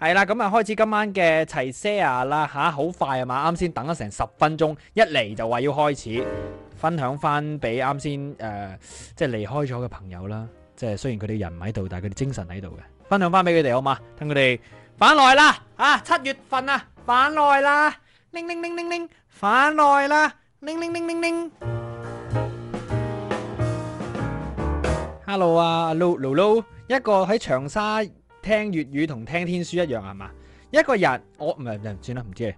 係啦，咁啊開始今晚嘅齊些牙啦吓，好快呀嘛？啱先等咗成十分鐘，一嚟就話要開始分享翻俾啱先誒，即係離開咗嘅朋友啦。即係雖然佢哋人唔喺度，但係佢哋精神喺度嘅。分享翻俾佢哋好嘛？等佢哋返來啦，啊七月份啊，返來啦，鈴鈴鈴鈴鈴，返來啦，鈴鈴鈴鈴鈴。Hello 啊，Lulu lu 一個喺長沙。聽粵語同聽天書一樣係咪？一個人我唔係，唔算啦，唔知。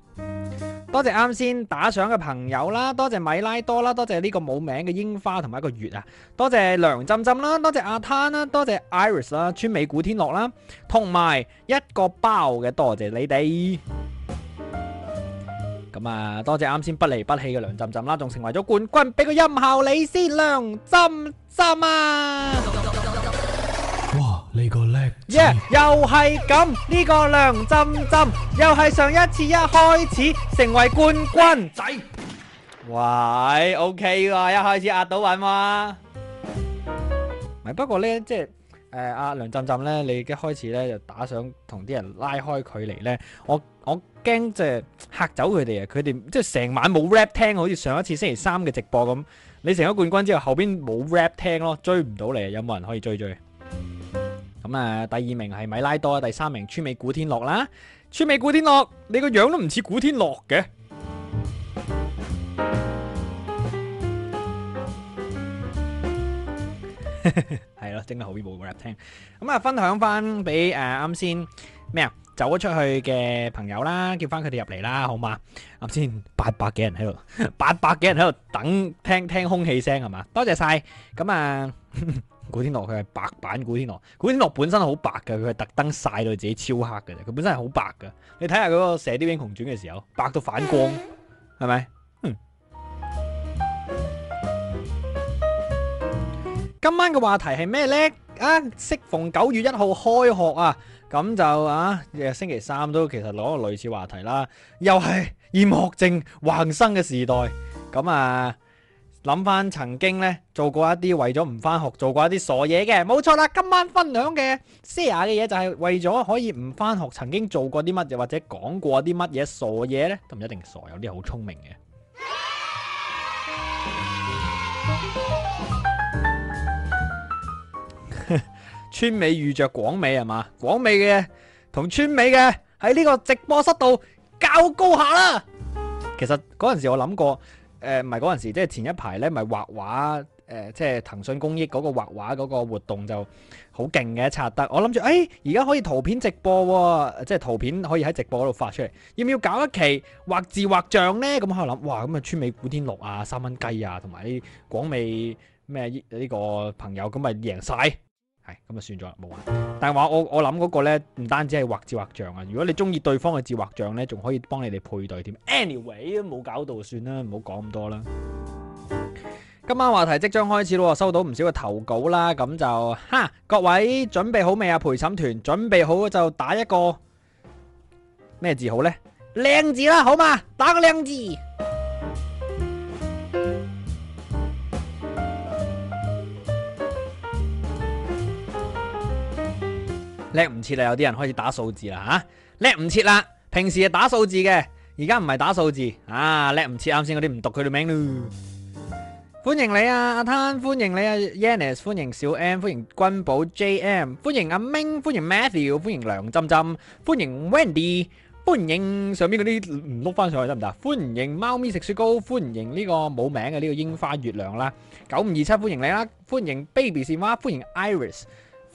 多謝啱先打賞嘅朋友啦，多謝米拉多啦，多謝呢個冇名嘅櫻花同埋一個月啊，多謝梁浸浸啦，多謝阿灘啦，多謝 Iris 啦，川美古天樂啦，同埋一個包嘅，多謝你哋。咁啊，多謝啱先不離不棄嘅梁浸浸啦，仲成為咗冠軍，俾個音效你先，梁浸浸啊！耶、yeah, 這個！又係咁呢個梁浸浸，又係上一次一開始成為冠軍仔。喂 OK 喎，一開始押到韻喎。咪不，不過呢，即係誒，阿、呃、梁浸浸呢，你一開始呢就打上同啲人拉開距離呢。我我驚即係嚇走佢哋啊！佢哋即係成晚冇 rap 聽，好似上一次星期三嘅直播咁。你成咗冠軍之後，後邊冇 rap 聽咯，追唔到你，有冇人可以追追？咁啊，第二名係米拉多，第三名川美古天樂啦。川美古天樂，你個樣都唔似古天樂嘅。係咯，整得好呢部 rap 聽。咁啊，分享翻俾誒啱先咩啊，走咗出去嘅朋友啦，叫翻佢哋入嚟啦，好嘛？啱先八百幾人喺度，八百幾人喺度等聽聽空氣聲係嘛？多謝晒。咁啊。古天樂佢係白版古天樂，古天樂本身好白嘅，佢係特登曬到自己超黑嘅啫。佢本身係好白嘅，你睇下佢個《射雕英雄傳》嘅時候，白到反光，係咪？嗯、嗯。今晚嘅話題係咩呢？啊，適逢九月一號開學啊，咁就啊，星期三都其實攞個類似話題啦，又係厭學症橫生嘅時代，咁啊。諗翻曾經呢，做過一啲為咗唔翻學，做過一啲傻嘢嘅，冇錯啦。今晚分享嘅 share 嘅嘢就係為咗可以唔翻學，曾經做過啲乜嘢，或者講過啲乜嘢傻嘢呢，都唔一定傻，有啲好聰明嘅。 川美遇着廣美係嘛？廣美嘅同川美嘅喺呢個直播室度較高下啦。其實嗰陣時我諗過。誒唔係嗰時，即係前一排咧，咪畫畫誒、呃，即係騰訊公益嗰個畫畫嗰個活動就好勁嘅，刷得。我諗住，誒而家可以圖片直播喎、啊，即係圖片可以喺直播嗰度發出嚟，要唔要搞一期畫字畫像咧？咁喺度諗，哇！咁啊，川美古天樂啊，三蚊雞啊，同埋啲廣美咩呢個朋友，咁咪贏晒。係咁就算咗啦，冇玩。但係話我我諗嗰個呢，唔單止係畫字畫像啊，如果你中意對方嘅字畫像呢，仲可以幫你哋配對添。Anyway 都冇搞到算，算啦，唔好講咁多啦。今晚話題即將開始啦，收到唔少嘅投稿啦，咁就哈，各位準備好未啊？陪審團準備好就打一個咩字好呢？靚字啦，好嘛？打個靚字。叻唔切啦，有啲人開始打數字啦吓，叻唔切啦，平時係打數字嘅，而家唔係打數字，啊叻唔切，啱先嗰啲唔讀佢哋名咯。 歡迎你啊，阿攤，歡迎你啊，Yannis，歡迎小 M，歡迎君寶 JM，歡迎阿明，歡迎 Matthew，歡迎梁浸浸，歡迎 Wendy，歡迎上面嗰啲唔碌翻上去得唔得？歡迎貓咪食雪糕，歡迎呢個冇名嘅呢個櫻花月亮啦，九五二七歡迎你啦！歡迎 Baby 線花，歡迎 Iris。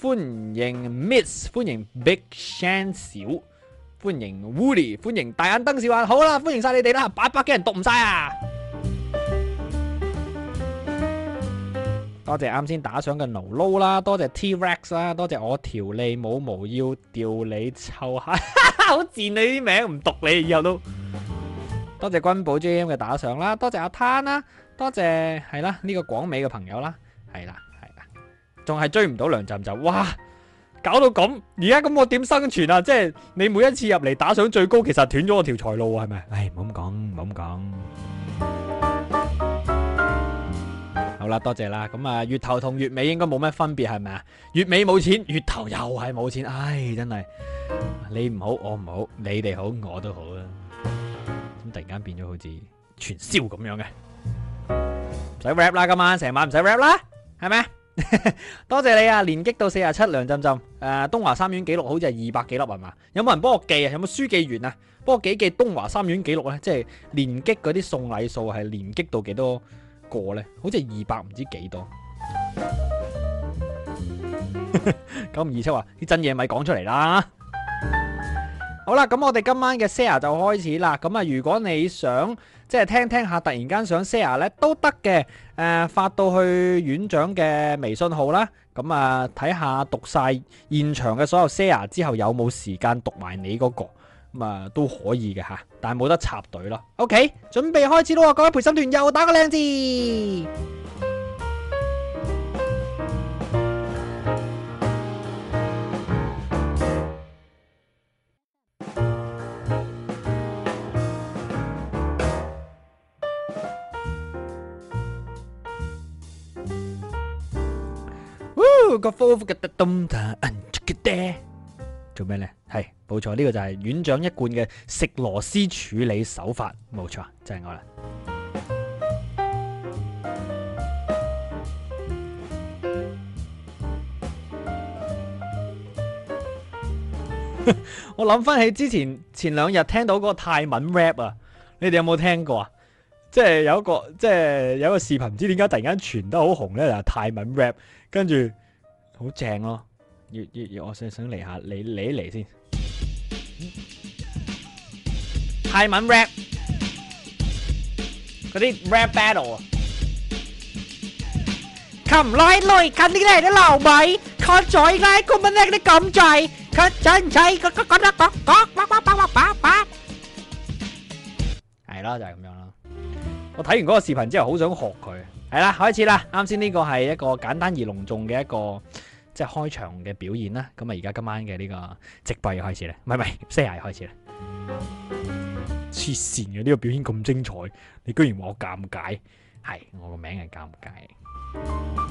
歡迎 Miss，歡迎 Big Shan 小，歡迎 Woody，歡迎大眼燈小眼，好啦，歡迎晒你哋啦，八百幾人讀唔晒啊！多謝啱先打賞嘅牛撈啦，多謝 T Rex 啦，多謝我條脷冇毛要掉你臭下，好賤你啲名唔讀你，以後都，多謝君寶 JM 嘅打賞啦，多謝阿攤啦，多謝係啦呢個廣美嘅朋友啦，係啦。仲係追唔到梁振就，哇！搞到咁，而家咁我點生存啊？即係你每一次入嚟打賞最高，其實斷咗我條財路係咪？唉，唔好咁講，唔好咁講。好啦，多謝啦。咁啊，月頭同月尾應該冇咩分別係咪啊？月尾冇錢，月頭又係冇錢。唉，真係你唔好，我唔好，你哋好，我都好啦。咁突然間變咗好似傳銷咁樣嘅，唔使 rap 啦今晚，成晚唔使 rap 啦，係咪？ 多謝你啊！連擊到四十七梁浸浸。誒、啊，東華三院紀錄好似係二百幾粒係嘛？有冇人幫我記啊？有冇書記員啊？幫我記記東華三院紀錄咧，即係連擊嗰啲送禮數係連擊到幾多個咧？好似係二百唔知幾多。九五二七話，啲真嘢咪講出嚟啦！好啦，咁我哋今晚嘅 s a 就開始啦。咁啊，如果你想，即係聽聽下，突然間想 share 咧都得嘅，誒、呃、發到去院長嘅微信號啦，咁啊睇下讀晒現場嘅所有 share 之後有冇時間讀埋你嗰、那個，咁、嗯、啊都可以嘅吓，但係冇得插隊咯。OK，準備開始咯，各位陪審團又打個靚字。做咩呢？係冇錯，呢、這個就係院長一貫嘅食螺絲處理手法，冇錯，就係、是、我啦。 我諗翻起之前前兩日聽到嗰個泰文 rap 啊，你哋有冇聽過啊？即係有一個，即係有一個視頻，唔知點解突然間傳得好紅咧，就係泰文 rap，跟住。好正咯！要要要，我想想嚟下，你你嚟先。泰文 rap，嗰啲 rap battle。咁，我係我係呢啲叻啲佬，咪，我係我係呢啲叻啲嘢。我係我係呢啲叻啲嘢。我係我係呢啲叻啲嘢。係咯，就係咁樣咯。我睇完嗰個視頻之後，好想學佢。係啦，開始啦！啱先呢個係一個簡單而隆重嘅一個。即係開場嘅表演啦，咁啊，而家今晚嘅呢個直播又開始咧，唔係唔係些牙開始咧，黐線嘅呢個表演咁精彩，你居然話我尷尬，係我個名係尷尬，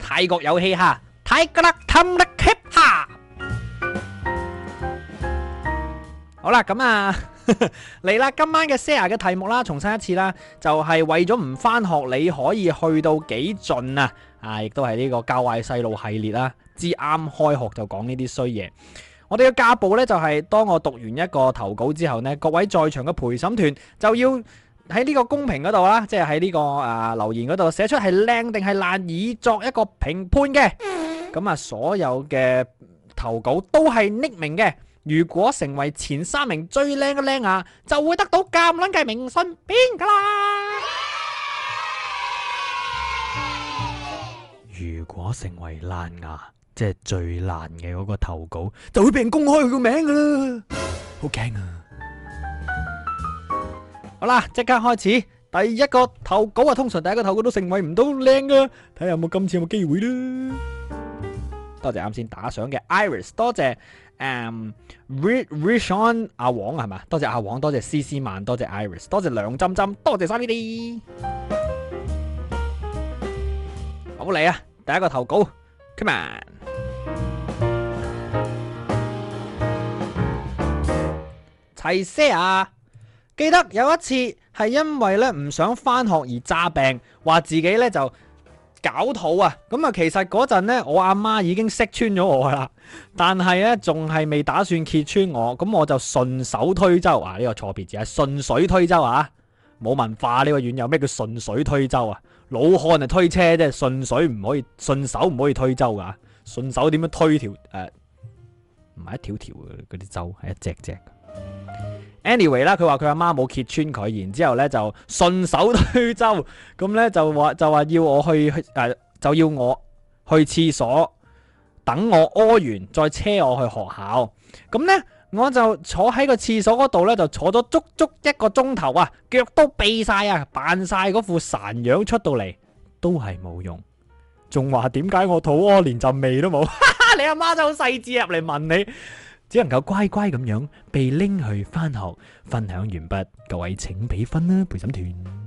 泰國有戲吓，泰國啦，湯啦，茄吓，好啦，咁啊嚟啦，今晚嘅些牙嘅題目啦，重申一次啦，就係、是、為咗唔翻學，你可以去到幾盡啊？啊！亦都係呢個教壞細路系列啦、啊，之啱開學就講呢啲衰嘢。我哋嘅家暴呢，就係、是、當我讀完一個投稿之後呢，各位在場嘅陪審團就要喺呢個公屏嗰度啦，即係喺呢個啊、呃、留言嗰度寫出係靚定係爛，以作一個評判嘅。咁、嗯、啊，所有嘅投稿都係匿名嘅。如果成為前三名最靚嘅靚啊，就會得到金輪嘅明信片噶啦。如果成為爛牙，即係最爛嘅嗰個投稿，就會被人公開佢個名噶啦，好驚啊！好啦，即刻開始，第一個投稿啊，通常第一個投稿都成為唔到靚噶，睇下有冇今次有冇機會啦。多謝啱先打賞嘅 Iris，多謝誒、呃、Richon 阿黃係咪？多謝阿黃，多謝 C C 萬，多謝 Iris，多謝梁針針，多謝沙啲啲。好嚟啊！第一個投稿，Come on，齊些牙！記得有一次係因為咧唔想翻學而詐病，話自己咧就搞肚啊！咁啊，其實嗰陣咧我阿媽已經識穿咗我啦，但係咧仲係未打算揭穿我，咁我就順手推舟啊！呢、這個錯別字係順水推舟啊！冇文化呢、這個院有咩叫順水推舟啊？老漢啊，推車即係，順水唔可以，順手唔可以推舟噶。順手點樣推條誒？唔、呃、係一條條嗰啲舟，係一隻隻。Anyway 啦，佢話佢阿媽冇揭穿佢，然之後呢就順手推舟，咁呢，就話就話要我去誒、呃，就要我去廁所，等我屙完再車我去學校。咁呢。我就坐喺個廁所嗰度呢，就坐咗足足一個鐘頭啊，腳都痹晒啊，扮晒嗰副孱樣出到嚟都係冇用，仲話點解我肚屙連陣味都冇， 你阿媽就好細緻入嚟問你，只能夠乖乖咁樣被拎去翻學。分享完畢，各位請俾分啦，陪審團。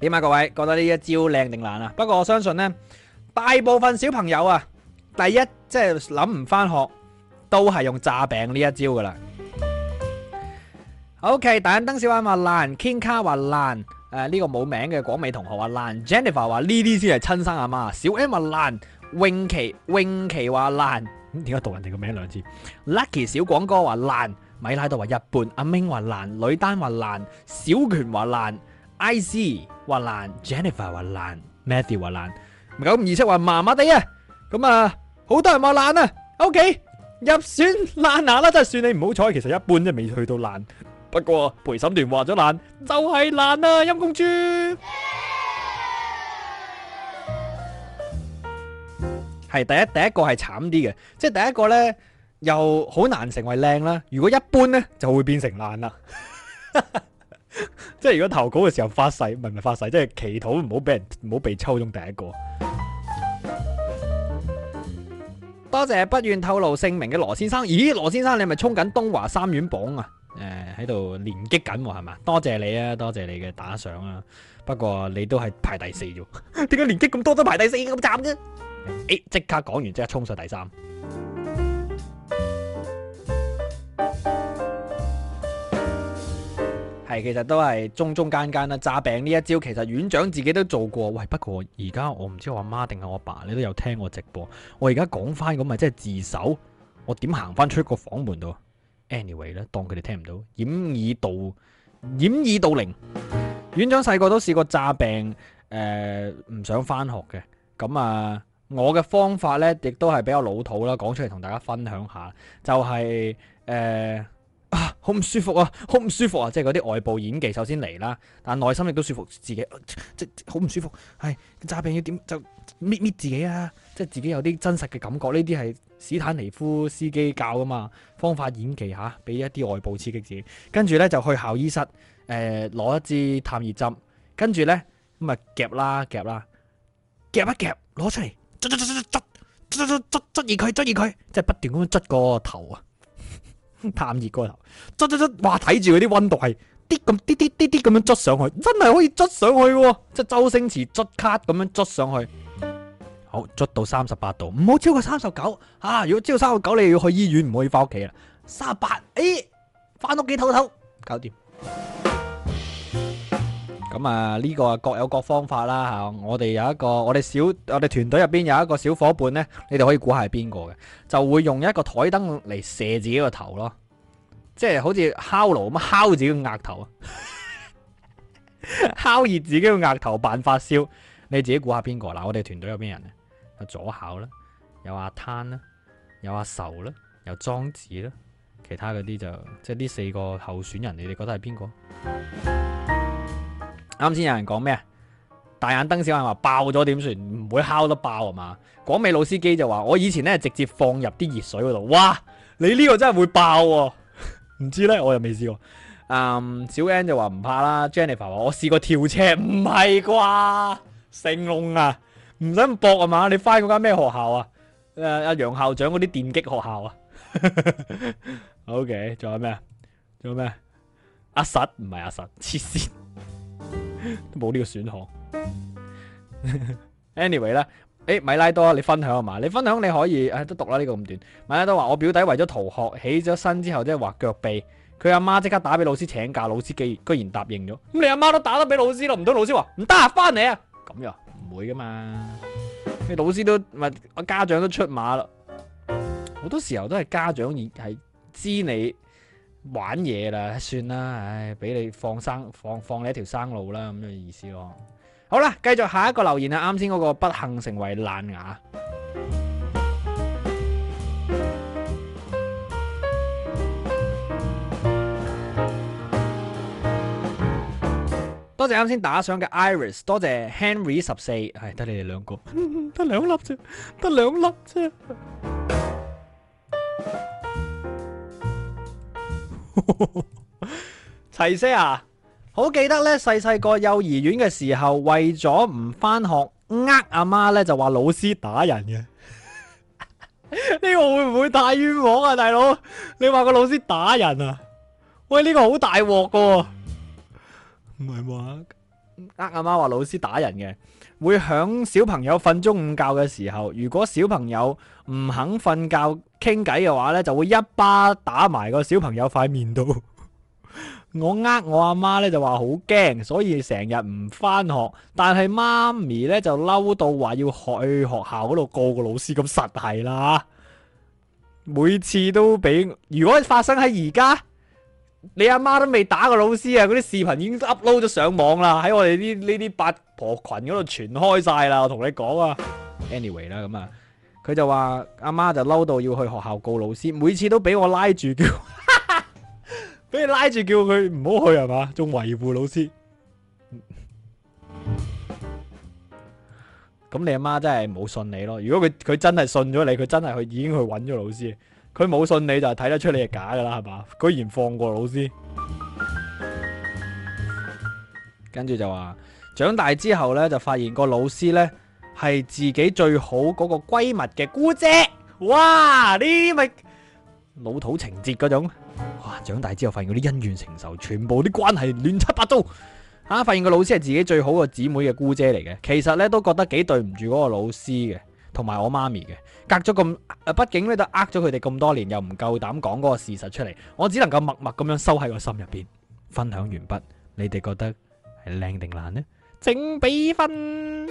點啊！各位覺得呢一招靚定爛啊？不過我相信呢，大部分小朋友啊，第一即係諗唔翻學，都係用詐病呢一招噶啦。o、okay, k 大眼燈小眼話爛，King 卡話爛，誒呢、呃這個冇名嘅廣美同學話爛，Jennifer 話呢啲先係親生阿媽，小 M 話爛，泳琪泳琪話爛，咁點解讀人哋個名兩字？Lucky 小廣哥話爛，米拉多話一半，阿明話爛，女單話爛，小權話爛。I C 話爛，Jennifer 話爛，Matthew 話爛，唔係九五二七話麻麻地啊，咁啊，好多人話爛啊，OK 入選爛牙啦，真係算你唔好彩，其實一般即係未去到爛，不過陪審團話咗爛就係爛啊，陰公豬係第一第一個係慘啲嘅，即係第一個咧又好難成為靚啦，如果一般咧就會變成爛啦。 即係如果投稿嘅時候發誓，唔係唔係發誓，即係祈禱唔好俾人唔好被抽中第一個。多謝不願透露姓名嘅羅先生。咦，羅先生你係咪衝緊東華三院榜啊？誒、呃，喺度連擊緊係嘛？多謝你啊，多謝你嘅打賞啊。不過你都係排第四啫。點 解連擊咁多都排第四咁慘嘅？誒、欸，即刻講完即刻衝上第三。係，其實都係中中間間啦。詐病呢一招，其實院長自己都做過。喂，不過而家我唔知我阿媽定係我阿爸,爸，你都有聽我直播。我而家講翻咁咪即係自首，我點行翻出個房門度？Anyway 咧，當佢哋聽唔到，掩耳盜掩耳盜鈴。院長細個都試過詐病，誒、呃、唔想翻學嘅。咁啊，我嘅方法呢，亦都係比較老土啦，講出嚟同大家分享下，就係、是、誒。呃啊，好唔舒服啊，好唔舒服啊！即係嗰啲外部演技首先嚟啦，但內心亦都舒服自己，呃、即好唔舒服。係詐病要點就搣搣自己啊！即係自己有啲真實嘅感覺，呢啲係史坦尼夫斯基教㗎嘛？方法演技吓，俾、啊、一啲外部刺激自己，跟住咧就去校醫室，誒、呃、攞一支探熱針，跟住咧咁啊夾啦夾啦，夾一夾攞出嚟，捽捽捽捽捽捽捽捽捽熱佢捽熱佢，即係不斷咁捽個頭啊！探熱過頭，捽捽捽，哇睇住嗰啲溫度係啲咁，啲啲啲啲咁樣捽上去，真係可以捽上去，啊，即係周星馳捽卡咁樣捽上去，好捽到三十八度，唔好超過三十九，啊，如果超過三十九，你要去醫院，唔可以翻屋企啦，三十八，誒，翻屋企唞一唞，搞掂。咁啊，呢、呢個啊各有各方法啦吓，我哋有一個，我哋小我哋團隊入邊有一個小伙伴呢，你哋可以估下係邊個嘅，就會用一個台燈嚟射自己個頭咯，即係好似烤爐咁烤自己個額頭，烤 熱自己個額頭扮發燒，你自己估下邊個？嗱，我哋團隊有邊人咧？有左考啦，有阿攤啦，有阿仇啦，有莊子啦，其他嗰啲就即係呢四個候選人，你哋覺得係邊個？啱先有人講咩啊？大眼燈小眼話爆咗點算？唔會敲得爆啊嘛？廣美老司機就話：我以前咧直接放入啲熱水嗰度。哇！你呢個真係會爆喎、啊！唔知咧，我又未試過。嗯，小 N 就話唔怕啦。Jennifer 話：我試過跳車，唔係啩？成龍啊，唔使咁搏啊嘛？你翻嗰間咩學校啊？誒、呃，阿楊校長嗰啲電擊學校啊 ？OK，仲有咩？仲有咩？阿實唔係阿實，黐線。都冇呢個選項。 anyway 啦，誒，米拉多，你分享吖嘛？你分享你可以，誒，都讀啦呢個咁短。米拉多話：我表弟為咗逃學，起咗身之後即係畫腳臂，佢阿媽即刻打俾老師請假，老師既居然答應咗。咁你阿媽都打得俾老師咯，唔通老師話唔得啊？翻嚟啊？咁樣唔會噶嘛？你老師都我家長都出馬啦。好多時候都係家長係知你。玩嘢啦，算啦，唉，俾你放生，放放你一條生路啦，咁嘅意思咯。好啦，繼續下一個留言啊，啱先嗰個不幸成為爛牙。多謝啱先打賞嘅 Iris，多謝 Henry 十四，係得你哋兩個，得兩粒啫，得兩粒啫。齊 Sir 啊，好記得呢細細個幼兒園嘅時候，為咗唔返學，呃阿媽呢就話老師打人嘅。呢 個會唔會太冤枉啊，大佬？你話個老師打人啊？喂，呢、呢個好大鑊噶。唔係話呃阿媽話老師打人嘅，會響小朋友瞓中午覺嘅時候，如果小朋友。唔肯瞓覺傾偈嘅話呢，就會一巴打埋個小朋友塊面度。 我呃我阿媽呢，就話好驚，所以成日唔翻學。但係媽咪呢，就嬲到話要去學校嗰度告個老師咁實係啦。每次都俾，如果發生喺而家，你阿媽都未打過老師啊，嗰啲視頻已經 upload 咗上網啦，喺我哋呢呢啲八婆群嗰度傳開晒啦。我同你講啊，anyway 啦，咁啊。Anyway, 佢就話阿媽就嬲到要去學校告老師，每次都俾我拉住叫， 俾你拉住叫佢唔好去係嘛，仲維護老師。咁 你阿媽真係冇信你咯。如果佢佢真係信咗你，佢真係去已經去揾咗老師。佢冇信你就睇得出你係假噶啦，係嘛，居然放過老師。跟住就話長大之後呢，就發現個老師呢。係自己最好嗰個閨蜜嘅姑姐，哇！呢咪老土情節嗰種哇。長大之後發現嗰啲恩怨情仇，全部啲關係亂七八糟啊！發現個老師係自己最好個姊妹嘅姑姐嚟嘅，其實咧都覺得幾對唔住嗰個老師嘅，同埋我媽咪嘅。隔咗咁，畢、呃、竟咧都呃咗佢哋咁多年，又唔夠膽講嗰個事實出嚟，我只能夠默默咁樣收喺我心入邊。分享完畢，你哋覺得係靚定爛呢？整畀分。嗯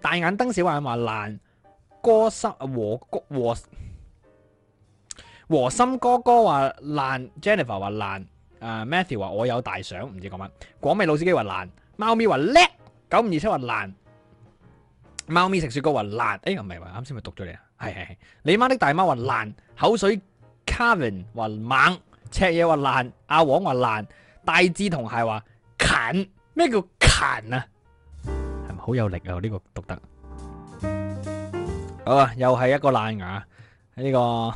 大眼瞪小眼話爛，哥心和和和心哥哥話爛，Jennifer 話爛，啊、呃、Matthew 話我有大想，唔知講乜，廣美老司機話爛，貓咪話叻，九五二七話爛，貓咪食雪糕話爛，哎唔係話啱先咪讀咗你啊，係係係，你媽的大媽話爛，口水 Carvin 話猛，赤嘢話爛，阿王話爛，大志同係話近，咩叫近啊？好有力啊！呢個讀得，好啊！又係一個爛牙，呢個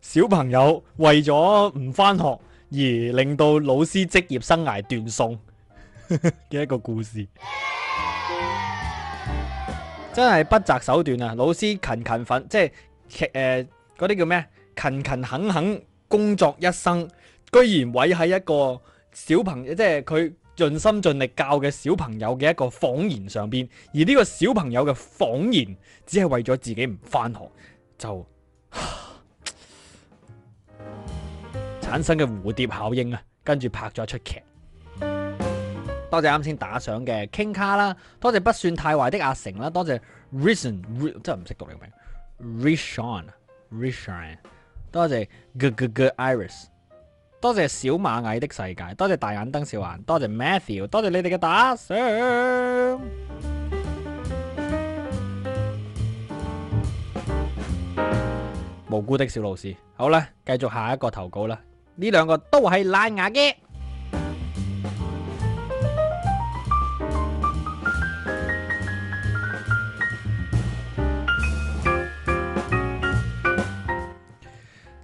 小朋友為咗唔翻學而令到老師職業生涯斷送嘅一個故事，真係不擇手段啊！老師勤勤奮，即係誒嗰啲叫咩啊？勤勤懇懇工作一生，居然毀喺一個小朋友，即係佢。盡心盡力教嘅小朋友嘅一個謊言上邊，而呢個小朋友嘅謊言只係為咗自己唔翻學，就產生嘅蝴蝶效應啊！跟住拍咗一出劇。多謝啱先打賞嘅 King 卡啦，多謝不算太壞的阿成啦，多謝 Reason，真係唔識讀你個名 Reishan，Reishan 多謝 Good Good Good Iris。多謝小螞蟻的世界，多謝大眼燈小眼，多謝 Matthew，多謝你哋嘅打賞。無辜的小老師，好啦，繼續下一個投稿啦。呢兩個都係爛牙嘅。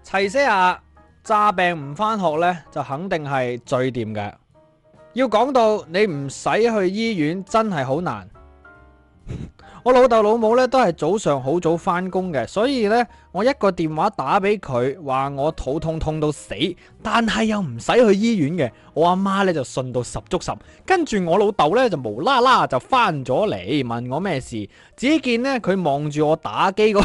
齊些啊！詐病唔返學呢，就肯定係最掂嘅。要講到你唔使去醫院，真係好難。我老豆老母呢，都係早上好早返工嘅，所以呢，我一個電話打俾佢，話我肚痛痛到死，但係又唔使去醫院嘅。我阿媽呢，就信到十足十，跟住我老豆呢，就無啦啦就翻咗嚟問我咩事，只見呢，佢望住我打機嗰。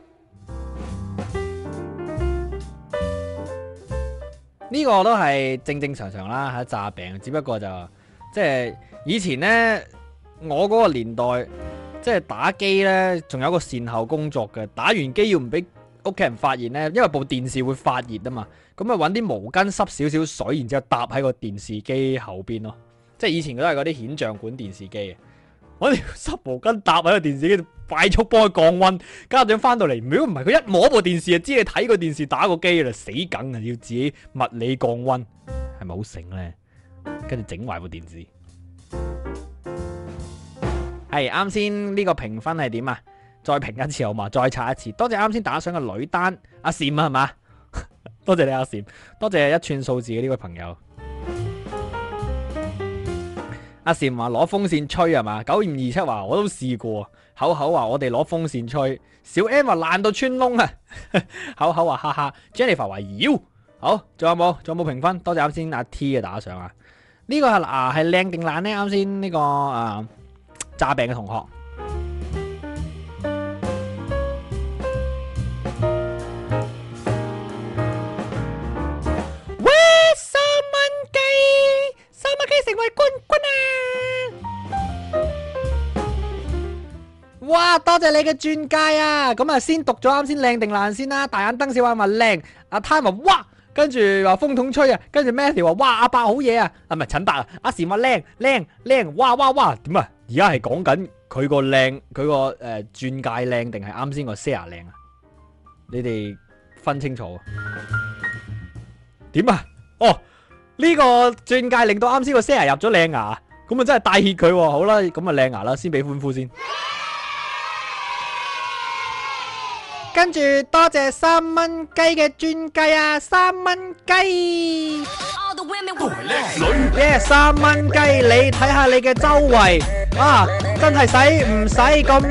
呢個都係正正常常啦，係詐病，只不過就即係以前呢，我嗰個年代即係打機呢，仲有個善後工作嘅，打完機要唔俾屋企人發現呢，因為部電視會發熱啊嘛，咁咪揾啲毛巾濕少少水，然之後搭喺個電視機後邊咯，即係以前都係嗰啲顯像管電視機。攞條濕毛巾搭喺個電視機度，快速幫佢降溫。家長翻到嚟，如果唔係佢一摸部電視就知你睇過電視打過機啦，死梗啊！要自己物理降溫，係咪好醒咧？跟住整壞部電視。係啱先呢個評分係點啊？再評一次好嘛？再刷一次。多謝啱先打上嘅女單阿禪係嘛？多謝你阿禪，多謝一串數字嘅呢位朋友。阿善話攞風扇吹係嘛，九五二七話我都試過，口口話我哋攞風扇吹，小 M 話爛到穿窿啊，口口話哈哈，Jennifer 話妖，好，仲有冇？仲有冇評分？多謝啱先阿 T 嘅打賞、這個、啊，呢個係啊係靚定爛呢？啱先呢個啊詐病嘅同學。喂，君君啊！哇，多謝你嘅鑽戒啊！咁啊，先讀咗啱先靚定難先、啊、啦！大眼燈小話問靚，阿攤話哇，跟住話風筒吹啊，跟住 Matthew 話哇，阿伯好嘢啊！係咪陳啊，唔係陳伯啊，阿時話靚靚靚，哇哇哇！點啊？而家係講緊佢個靚，佢個誒鑽戒靚定係啱先個 Sarah 靚啊？你哋分清楚啊？點啊？哦！呢個鑽戒令到啱先個 Sir 入咗靚牙，咁啊真係大氣佢喎，好啦，咁啊靚牙啦，先俾歡呼先。跟住多謝三蚊雞嘅鑽戒啊，三蚊雞。都係叻女，yes，三蚊雞，你睇下你嘅周圍啊，真係使唔使咁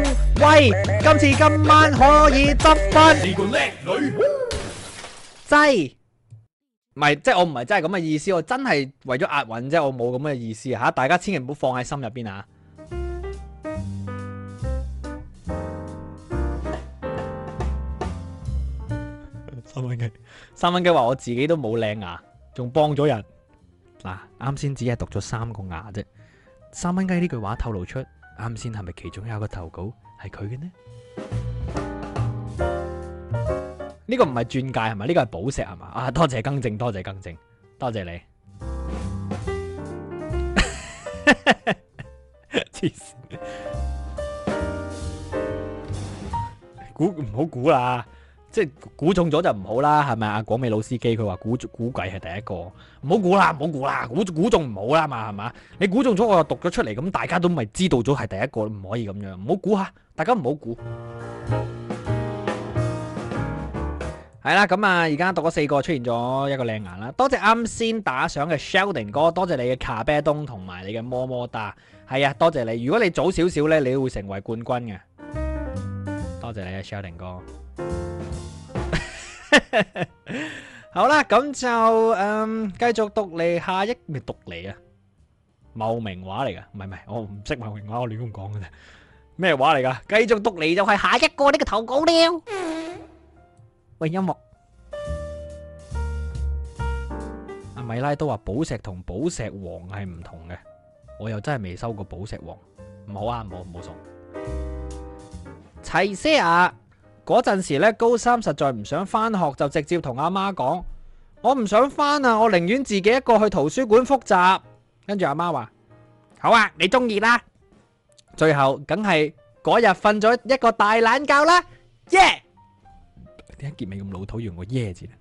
威？今次今晚可以執返。你個靚女。制。唔係，即係我唔係真係咁嘅意思，我真係為咗押韻啫，我冇咁嘅意思嚇，大家千祈唔好放喺心入邊啊！三蚊雞，三蚊雞話我自己都冇靚牙，仲幫咗人嗱，啊，啱先只係讀咗三個牙啫。三蚊雞呢句話透露出啱先係咪其中有一個投稿係佢嘅呢？呢個唔係鑽戒係咪？呢個係寶石係嘛？啊！多謝更正，多謝更正，多謝你。 黐線，估唔好估啦，即係估中咗就唔好啦，係咪啊？廣美老司機佢話估估計係第一個，唔好估啦，唔好估啦，估估中唔好啦嘛，係嘛？你估中咗我又讀咗出嚟，咁大家都咪知道咗係第一個，唔可以咁樣，唔好估下，大家唔好估。係啦，咁啊，而家讀咗四個出現咗一個靚顏啦，多謝啱先打賞嘅 Sheldon 哥，多謝你嘅卡啤冬同埋你嘅麼麼噠，係啊，多謝你。如果你早少少咧，你會成為冠軍嘅。多謝你啊，Sheldon 哥。 好啦，咁就誒繼、嗯、續讀你，下一咪讀你啊，茂名話嚟噶，唔係唔係，我唔識茂名話，我亂咁講嘅啫。咩話嚟噶？繼續讀你，就係下一個呢、這個投稿了。嗯喂，音樂。阿米拉都話寶石同寶石王係唔同嘅，我又真係未收過寶石王，唔好啊，唔好唔好送。齊些牙嗰陣時咧，高三實在唔想翻學，就直接同阿媽講：我唔想翻啊，我寧願自己一個去圖書館複習。跟住阿媽話：好啊，你中意啦。最後，梗係嗰日瞓咗一個大懶覺啦，耶！點解結尾咁老土用個椰字咧？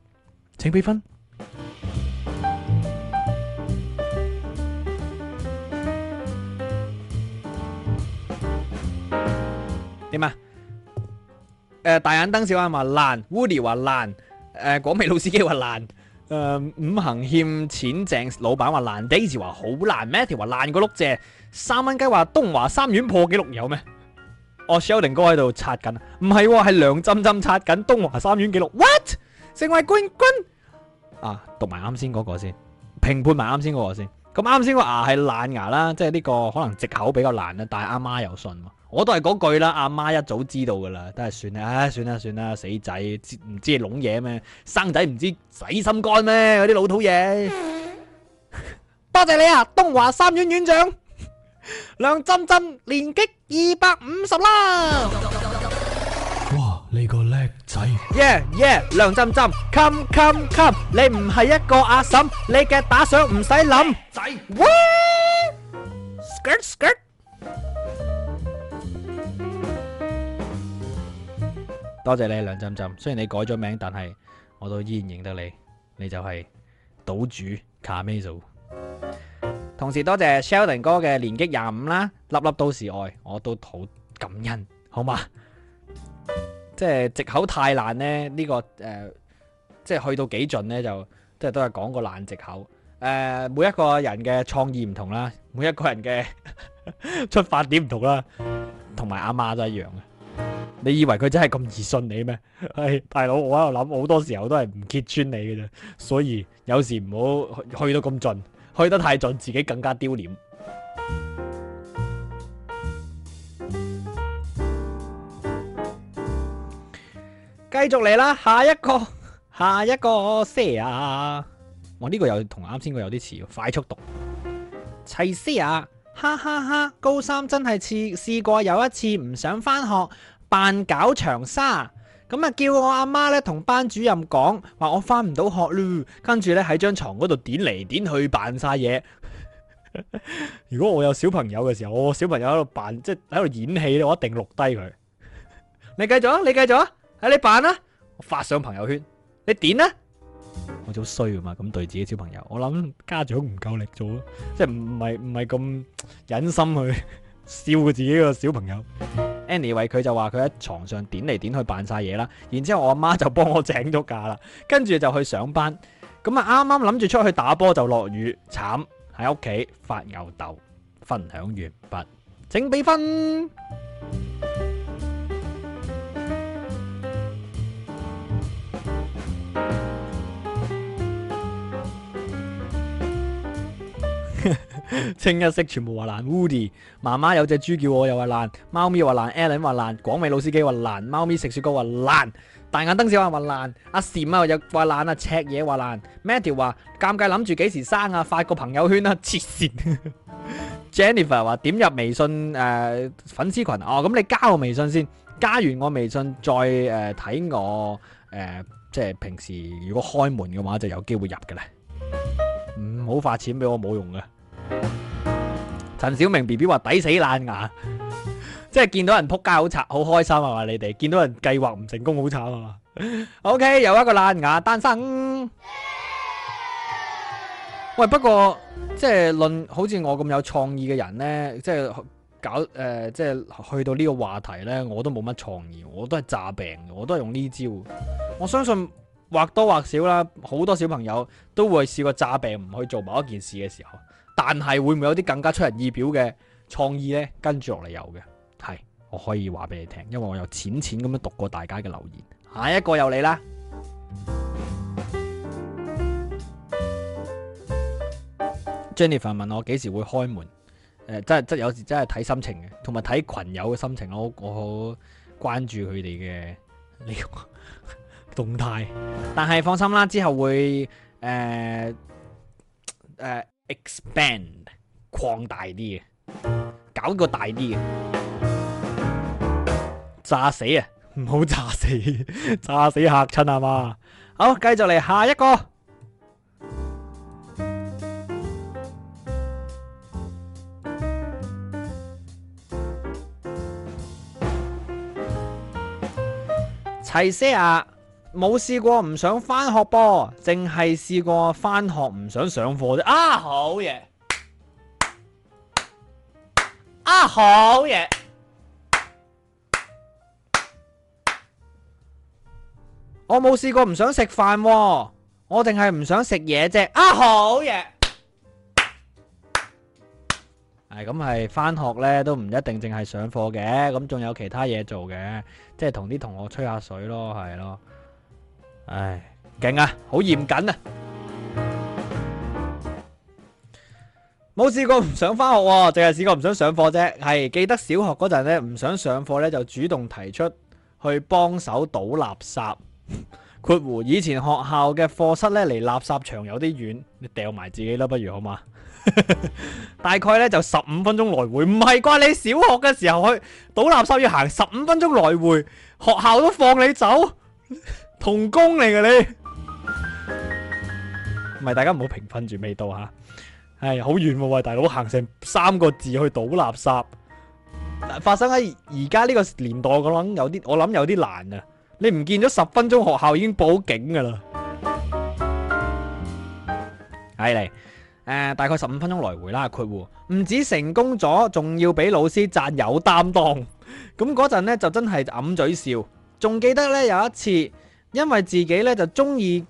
請俾分點啊？誒，大眼瞪小眼話爛，烏狸話爛，誒，廣美老司機話爛，誒，五行欠錢鄭老闆話爛，Daisy 話好爛 Matthew 話爛個碌蔗，三蚊雞話東華三院破紀錄有咩？哦 Sheldon 哥喺度刷緊，唔係、啊，係兩針針刷緊東華三院紀錄，what？成為冠軍啊！讀埋啱先嗰個先，評判埋啱先嗰個先。咁啱先個牙係爛牙啦，即係呢、這個可能籍口比較難啦，但係阿媽又信嘛。我都係嗰句啦，阿媽一早知道噶啦，都係算啦、啊，算啦算啦，死仔，唔知係聾嘢咩？生仔唔知洗心肝咩？嗰啲老土嘢。多 謝，謝你啊，東華三院院長。梁浸浸連擊二百五十啦！哇，呢個叻仔！Yeah yeah，梁浸浸，come come come，你唔係一個阿嬸，你嘅打賞唔使諗。仔，哇！Skirt skirt，多謝你梁浸浸，雖然你改咗名，但係我都依然認得你，你就係賭主卡梅羅。Carmezo 同時多謝 Sheldon 哥嘅連擊廿五啦，粒粒都是愛，我都好感恩，好嘛？即係借口太爛呢，呢、這個誒、呃，即係去到幾盡呢，就即係都係講個爛借口。誒、呃，每一個人嘅創意唔同啦，每一個人嘅 出發點唔同啦，同埋阿媽都一樣嘅。你以為佢真係咁易信你咩？係、哎、大佬，我喺度諗，好多時候都係唔揭穿你嘅啫，所以有時唔好去到咁盡。去得太盡，自己更加丟臉。繼續嚟啦，下一個，下一個，Sir。我呢個有同啱先個有啲似，快速讀。齊些牙，哈哈哈哈！高三真係試試過有一次唔想翻學，扮搞長沙。咁啊！叫我阿媽咧同班主任講，話我翻唔到學嚕，跟住咧喺張床嗰度點嚟點，點，點，點去扮晒嘢。 如果我有小朋友嘅時候，我小朋友喺度扮，即係喺度演戲咧，我一定錄低佢。你繼續啊！你繼續啊！喺你扮啦，我發上朋友圈。你點啊？我就好衰啊嘛！咁對自己小朋友，我諗家長唔夠力做咯，即係唔唔係唔係咁忍心去笑自己個小朋友。a n y、anyway, w a y 佢就話佢喺床上點嚟點去扮晒嘢啦，然之後我阿媽就幫我整咗假啦，跟住就去上班，咁啊啱啱諗住出去打波就落雨，慘喺屋企發吽哣。分享完畢，請俾分。 清一色全部話爛，Woody 媽媽有隻豬叫我又話爛，貓咪話爛，Alan 話爛，廣美老司機話爛，貓咪食雪糕話爛，大眼燈子話爛，阿蟬啊又話爛啊，赤嘢話爛，Matthew 話尷尬諗住幾時生啊，發個朋友圈啊，黐線 ，Jennifer 話點入微信誒、呃、粉絲群哦，咁你加我微信先，加完我微信再誒睇、呃、我誒、呃、即係平時如果開門嘅話就有機會入嘅咧。唔、嗯、好發錢俾我冇用嘅。陳小明 B B 話抵死爛牙， 即係見到人撲街好慘，好開心係、啊、嘛？你哋見到人計劃唔成功好慘係嘛？O K 有一個爛牙誕生。 喂，不過即係論好似我咁有創意嘅人呢，即、就、係、是、搞誒，即、呃、係、就是、去到呢個話題呢，我都冇乜創意，我都係詐病，我都係用呢招。我相信。或多或少啦，好多小朋友都會試過詐病唔去做某一件事嘅時候，但係會唔會有啲更加出人意表嘅創意呢？跟住落嚟有嘅，係我可以話俾你聽，因為我有淺淺咁樣讀過大家嘅留言。下一個又你啦 ，Jennifer 問我幾時會開門？誒、呃，真真有時真係睇心情嘅，同埋睇群友嘅心情咯。我好關注佢哋嘅呢動態，但係放心啦，之後會誒誒、呃呃、expand 擴大啲嘅，搞個大啲嘅，炸死啊！唔好炸死，炸死嚇親啊嘛！好，繼續嚟下一個，齊些牙！冇試過唔想翻學噃，淨係試過翻學唔想上課啫。啊，好嘢！啊，好嘢！我冇試過唔想食飯，我淨係唔想食嘢啫。啊，好嘢！係咁係翻學呢都唔一定淨係上課嘅，咁仲有其他嘢做嘅，即係同啲同學吹下水咯，係咯。唉，勁啊，好嚴謹啊！冇試過唔想翻學，淨係試過唔想上課啫。係，記得小學嗰陣呢，唔想上課呢，就主動提出去幫手倒垃圾。括 弧以前學校嘅課室呢，離垃圾場有啲遠，你掉埋自己啦，不如好嘛？ 大概呢，就十五分鐘來回，唔係怪你，小學嘅時候去倒垃圾要行十五分鐘來回，學校都放你走。 同工嚟噶你，唔係大家唔好評分住味道吓，唉，好遠喎，喂大佬行成三個字去倒垃圾，發生喺而家呢個年代我諗有啲我諗有啲難啊！你唔見咗十分鐘學校已經報警噶啦，係嚟誒，大概十五分鐘來回啦括弧，唔止成功咗，仲要俾老師讚有擔當，咁嗰陣呢，就真係揞嘴笑，仲記得呢有一次。因為自己咧就中意，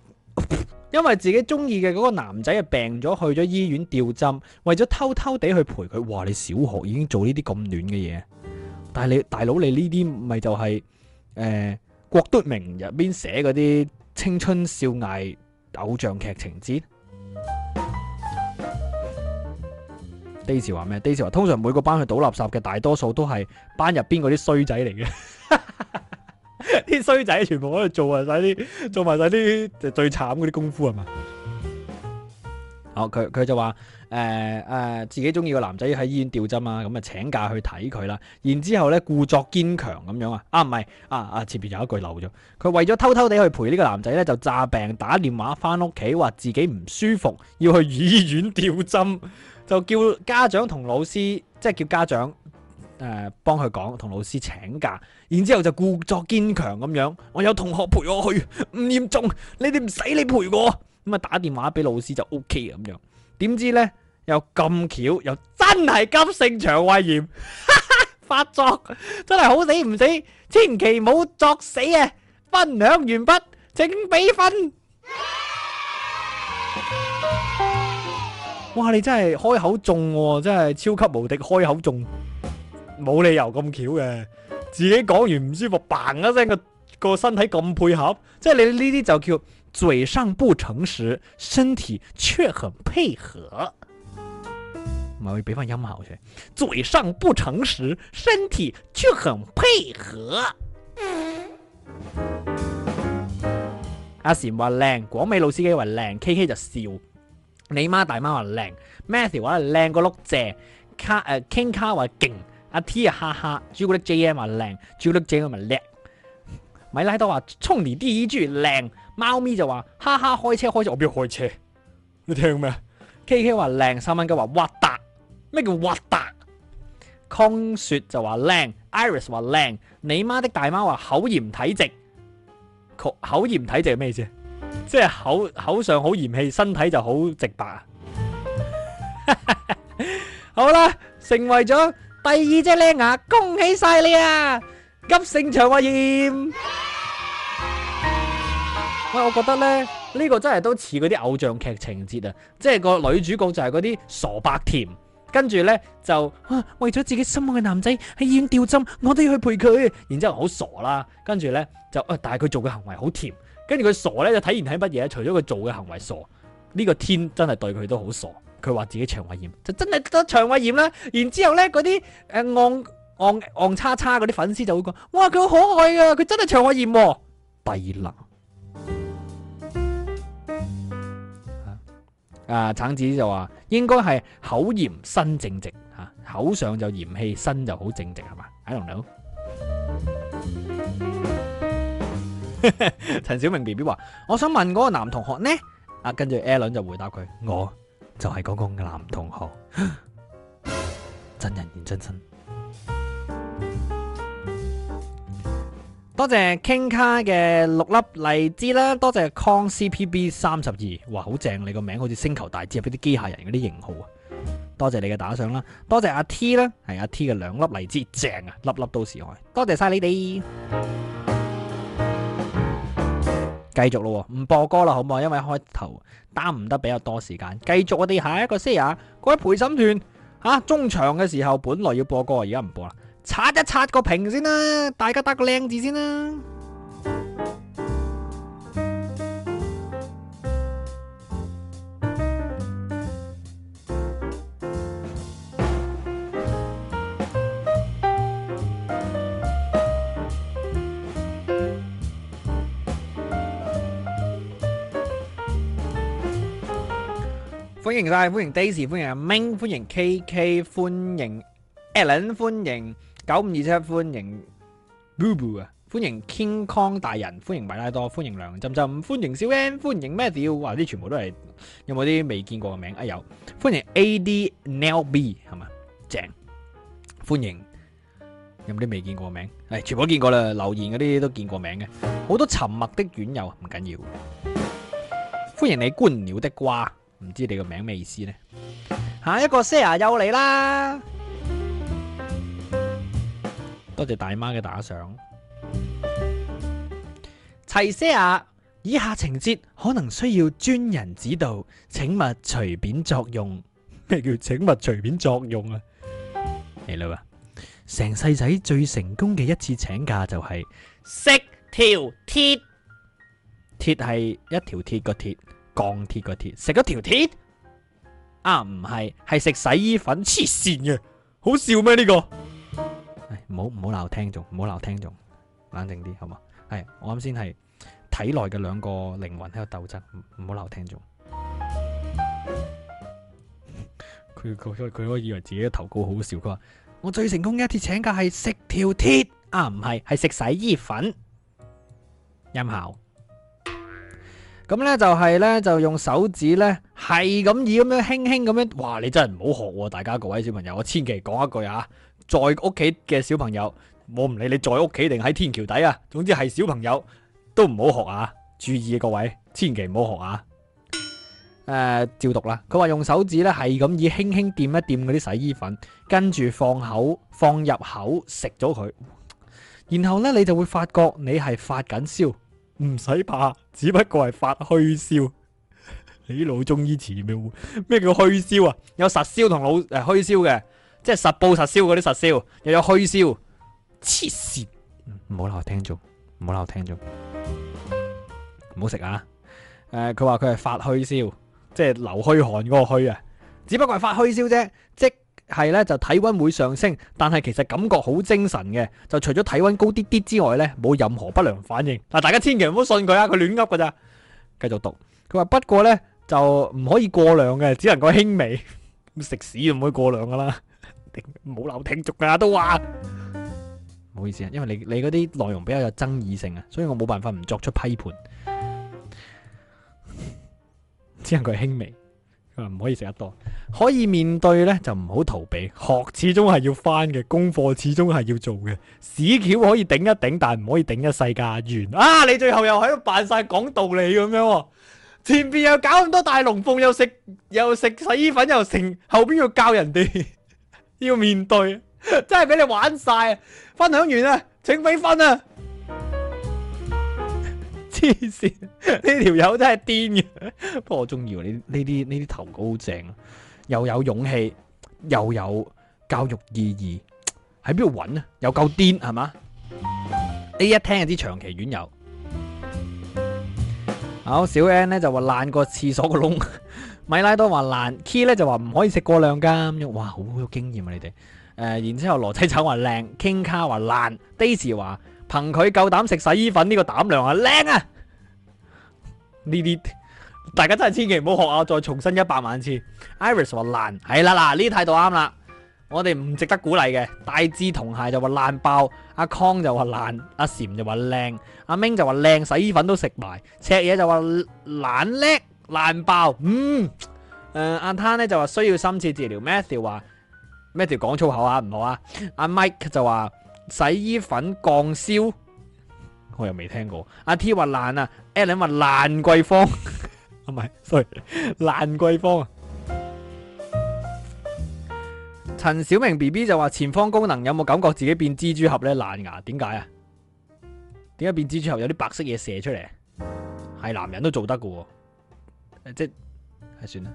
因為自己中意嘅嗰個男仔啊病咗去咗醫院吊針，為咗偷偷地去陪佢。哇！你小學已經做呢啲咁暖嘅嘢，但係你大佬你呢啲咪就係、是、誒、呃、郭德明入邊寫嗰啲青春少艾偶像劇情節。Daisy 話咩？Daisy 話通常每個班去倒垃圾嘅大多數都係班入邊嗰啲衰仔嚟嘅。 啲衰仔全部喺度做晒啲做埋晒啲最慘嗰啲功夫係嘛？好，佢佢就話誒誒，自己中意個男仔喺醫院吊針啊，咁啊請假去睇佢啦。然之後咧，故作堅強咁樣啊啊唔係啊啊，前邊有一句漏咗。佢為咗偷偷地去陪呢個男仔咧，就詐病打電話翻屋企，話自己唔舒服，要去醫院吊針，就叫家長同老師，即係叫家長。誒、呃，幫佢講，同老師請假，然之後就故作堅強咁樣。我有同學陪我去，唔嚴重，你哋唔使你陪我。咁啊，打電話俾老師就 O K 啊，咁樣。點知呢？又咁巧，又真係急性腸胃炎哈哈發作，真係好死唔死，千祈唔好作死啊！分享完畢，請俾分。 哇，你真係開、啊、開口中，真係超級無敵開口中。冇理由咁巧嘅，自己講完唔舒服嘭一聲，個個身體咁配合，即係你呢啲就叫嘴上不誠實，身體卻很配合。唔好，畀返音效好先。嘴上不誠實，身體卻很配合。嗯、阿賢話靚，廣美老司機話靚，K K 就笑。你媽大媽話靚，Matthew 話靚，那個碌謝卡誒、呃、，King 卡話勁。阿 T 啊，哈哈！朱古力 J M 話靚，朱古力 J M 咪叻。米拉多話衝你第一句靚，貓咪就話哈哈開車開車，我邊度開車？你聽咩？K K 話靚，三蚊雞話核突。咩叫核突？康雪就話靚，Iris 話靚，你媽的大貓話口嫌體直，口口嫌體直係咩意思？即係口口上好嫌棄，身體就好直白。 好啦，成為咗。第二隻靚牙，恭喜晒你啊！急性腸胃炎，我 我覺得咧呢、這個真係都似嗰啲偶像劇情節啊！即係個女主角就係嗰啲傻白甜，跟住呢就、啊、為咗自己心愛嘅男仔喺醫院吊針，我都要去陪佢，然之後好傻啦！跟住呢就、啊、但係佢做嘅行為好甜，跟住佢傻呢，就體現喺乜嘢？除咗佢做嘅行為傻，呢、這個天真係對佢都好傻。佢話自己腸胃炎就真係得腸胃炎啦，然之後咧，嗰啲誒按按按叉叉嗰啲粉絲就會講，哇佢好可愛啊，佢真係腸胃炎喎、啊，低能啊，橙子就話應該係口嫌身正直嚇、啊，口上就嫌氣，身就好正直係嘛 I don't know 陳小明 B B 話，我想問嗰個男同學呢？啊」啊跟住 Alan 就回答佢我。就係、是、嗰個男同學，真人驗真身。多謝 King 卡嘅六粒荔枝啦，多謝 concpb 三十二，哇，好正！你個名好似星球大戰入啲機械人嗰啲型號啊！多謝你嘅打賞啦，多謝阿 T 啦，係阿 T 嘅兩粒荔枝，正啊，粒粒都是愛，多謝晒你哋。繼續咯，唔播歌啦，好唔好？因為開頭耽誤得比較多時間。繼續我哋下一個 series、啊、各位陪審團，吓、啊、中場嘅時候本來要播歌，而家唔播啦，刷一刷個屏先啦，大家打個靚字先啦。歡迎晒，歡迎 Daisy，歡迎阿明，歡迎 KK，歡迎 Ellen，歡迎九五二七，歡迎 Boo Boo 啊，歡迎 King Kong 大人，歡迎米拉多，歡迎梁浸浸，歡迎小 N，歡迎咩屌，哇，啲全部都係，有冇啲未見過嘅名啊？有，歡迎 A D Nail B 係嘛，正。歡迎有冇啲未見過嘅名係、哎、全部都見過啦，留言嗰啲都見過名嘅，好多沉默的院友唔緊要，歡迎你官鳥的瓜。唔知你個名咩意思呢？下一個 Sarah 又嚟啦，多謝大媽嘅打賞。齊 Sir，以下情節可能需要專人指導，請勿隨便作用。咩叫請勿隨便作用啊？嚟啦，成世仔最成功嘅一次請假就係識條鐵，鐵係一條鐵個鐵。鋼鐵個鐵食咗條鐵啊，唔係係食洗衣粉，黐線嘅，好笑咩呢個？唉，唔好唔好鬧聽眾，唔好鬧聽眾，冷靜啲好嘛？係我啱先係體內嘅兩個靈魂喺度鬥爭，唔好鬧聽眾。佢佢可以以為自己嘅投稿好笑，佢話我最成功嘅一次請假係食條鐵啊，唔係係食洗衣粉。音效。咁咧就係咧就用手指咧係咁以咁樣輕輕咁樣，哇！你真係唔好學喎，啊，大家各位小朋友，我千祈講一句啊，在屋企嘅小朋友，我唔理你，在屋企定喺天橋底啊，總之係小朋友都唔好學啊！注意、啊、各位，千祈唔好學啊！誒、呃，照讀啦，佢話用手指咧係咁以輕輕掂一掂嗰啲洗衣粉，跟住放口放入口食咗佢，然後咧你就會發覺你係發緊燒。唔使怕，只不過係發虛燒。 你啲老中醫詞咩喎？咩叫虛燒啊？有實燒同老誒、呃、虛燒嘅，即係實報實燒嗰啲實燒，又有虛燒。黐線，唔好鬧我聽眾，唔好鬧我聽眾，唔好食啊！誒、呃，佢話佢係發虛燒，即係流虛寒嗰個虛啊，只不過係發虛燒啫，即。係咧就體溫會上升，但係其實感覺好精神嘅，就除咗體溫高啲啲之外咧，冇任何不良反應。但大家千祈唔好信佢啊，佢亂噏噶咋。繼續讀，佢話不過咧就唔可以過量嘅，只能夠輕微。食屎唔可以過量噶啦，冇好留聽足噶都話。嗯，唔好意思啊，因為你你嗰啲內容比較有爭議性啊，所以我冇辦法唔作出批判。只能夠輕微。唔可以食得多，可以面對呢，就唔好逃避。學始終係要翻嘅，功課始終係要做嘅。屎橋可以頂一頂，但唔可以頂一世噶。完啊！你最後又喺度扮晒講道理咁樣，前邊又搞咁多大龍鳳，又食又食洗衣粉，又成後邊要教人哋要面對，真係俾你玩晒。分享完啦，請俾分啦。黐線，呢條友真係癲嘅，不過我中意喎。呢呢啲呢啲投稿好正，又有勇氣，又有教育意義。喺邊度揾啊？又夠癲係嘛？呢一聽就知長期遠遊。好，小 N 咧就話爛過廁所個窿，米拉多話爛，Key 咧就話唔可以食過量㗎。哇，好，好有經驗啊你哋。呃，然之後羅仔炒話靚，King 卡話爛，Daisy 話。憑佢夠膽食洗衣粉呢、這個膽量啊，靚啊！呢啲大家真係千祈唔好學啊，再重申一百萬次。Iris 話爛，係啦嗱，呢態度啱啦，我哋唔值得鼓勵嘅。大志同鞋就話爛爆，阿、啊、康就話爛，阿、啊、禪就話靚，阿、啊、明就話靚洗衣粉都食埋，赤嘢就話爛叻爛爆，嗯，誒、呃，阿 Tan 咧就話需要深切治療。Matthew, 說 Matthew, 說 Matthew 說話 Matthew 講粗口啊，唔好啊。阿 Mike 就話。洗衣粉降燒，我又未聽過。阿 T 話爛啊，Alan 話爛桂芳，唔係，sorry，爛桂芳啊。陳 小明 B B 就話前方功能有冇感覺自己變蜘蛛俠咧？爛牙點解啊？點解變蜘蛛俠？有啲白色嘢射出嚟，係男人都做得噶，即係算啦。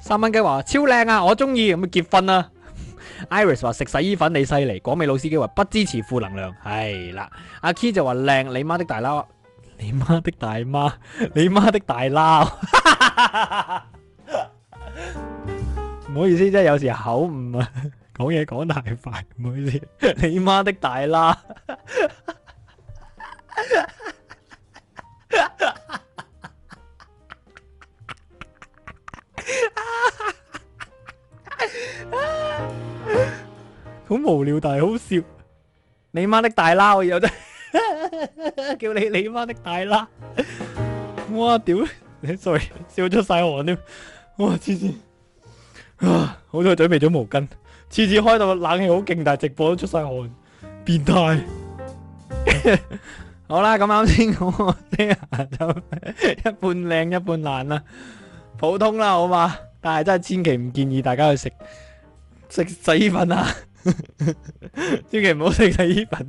三蚊雞話超靚啊，我中意，有冇結婚啊？Iris 話食洗衣粉，你犀利。港美老司機話不支持負能量，係啦。阿 Key 就話靚，你媽的大撈，你媽的大媽，你媽的大撈。唔好意思，真係有時口誤啊，講嘢講太快，唔好意思，你媽的大撈。 好無聊，但係好笑。你媽的大撈又真係叫你，你媽的大撈。哇！屌，你 sorry，笑出晒汗添。哇！次次啊，好彩準備咗毛巾。次次開到冷氣好勁，但係直播都出晒汗，變態。 好啦，咁啱先講，聽下就一半靚一半爛啦，啊，普通啦，好嘛？但係真係千祈唔建議大家去食食洗衣粉啊！千祈唔好食洗衣粉。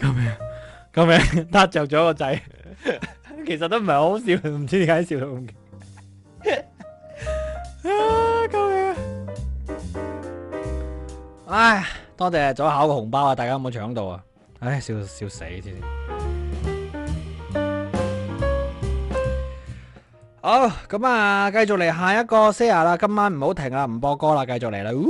救命！救命！撻着咗個仔，其實都唔係好好笑，唔知點解笑到咁勁。啊！救命！唉，多謝早考個紅包啊！大家有冇搶到啊？唉，笑笑死添。好，咁啊，繼續嚟下一個 Sir 啦，今晚唔好停啊，唔播歌啦，繼續嚟啦。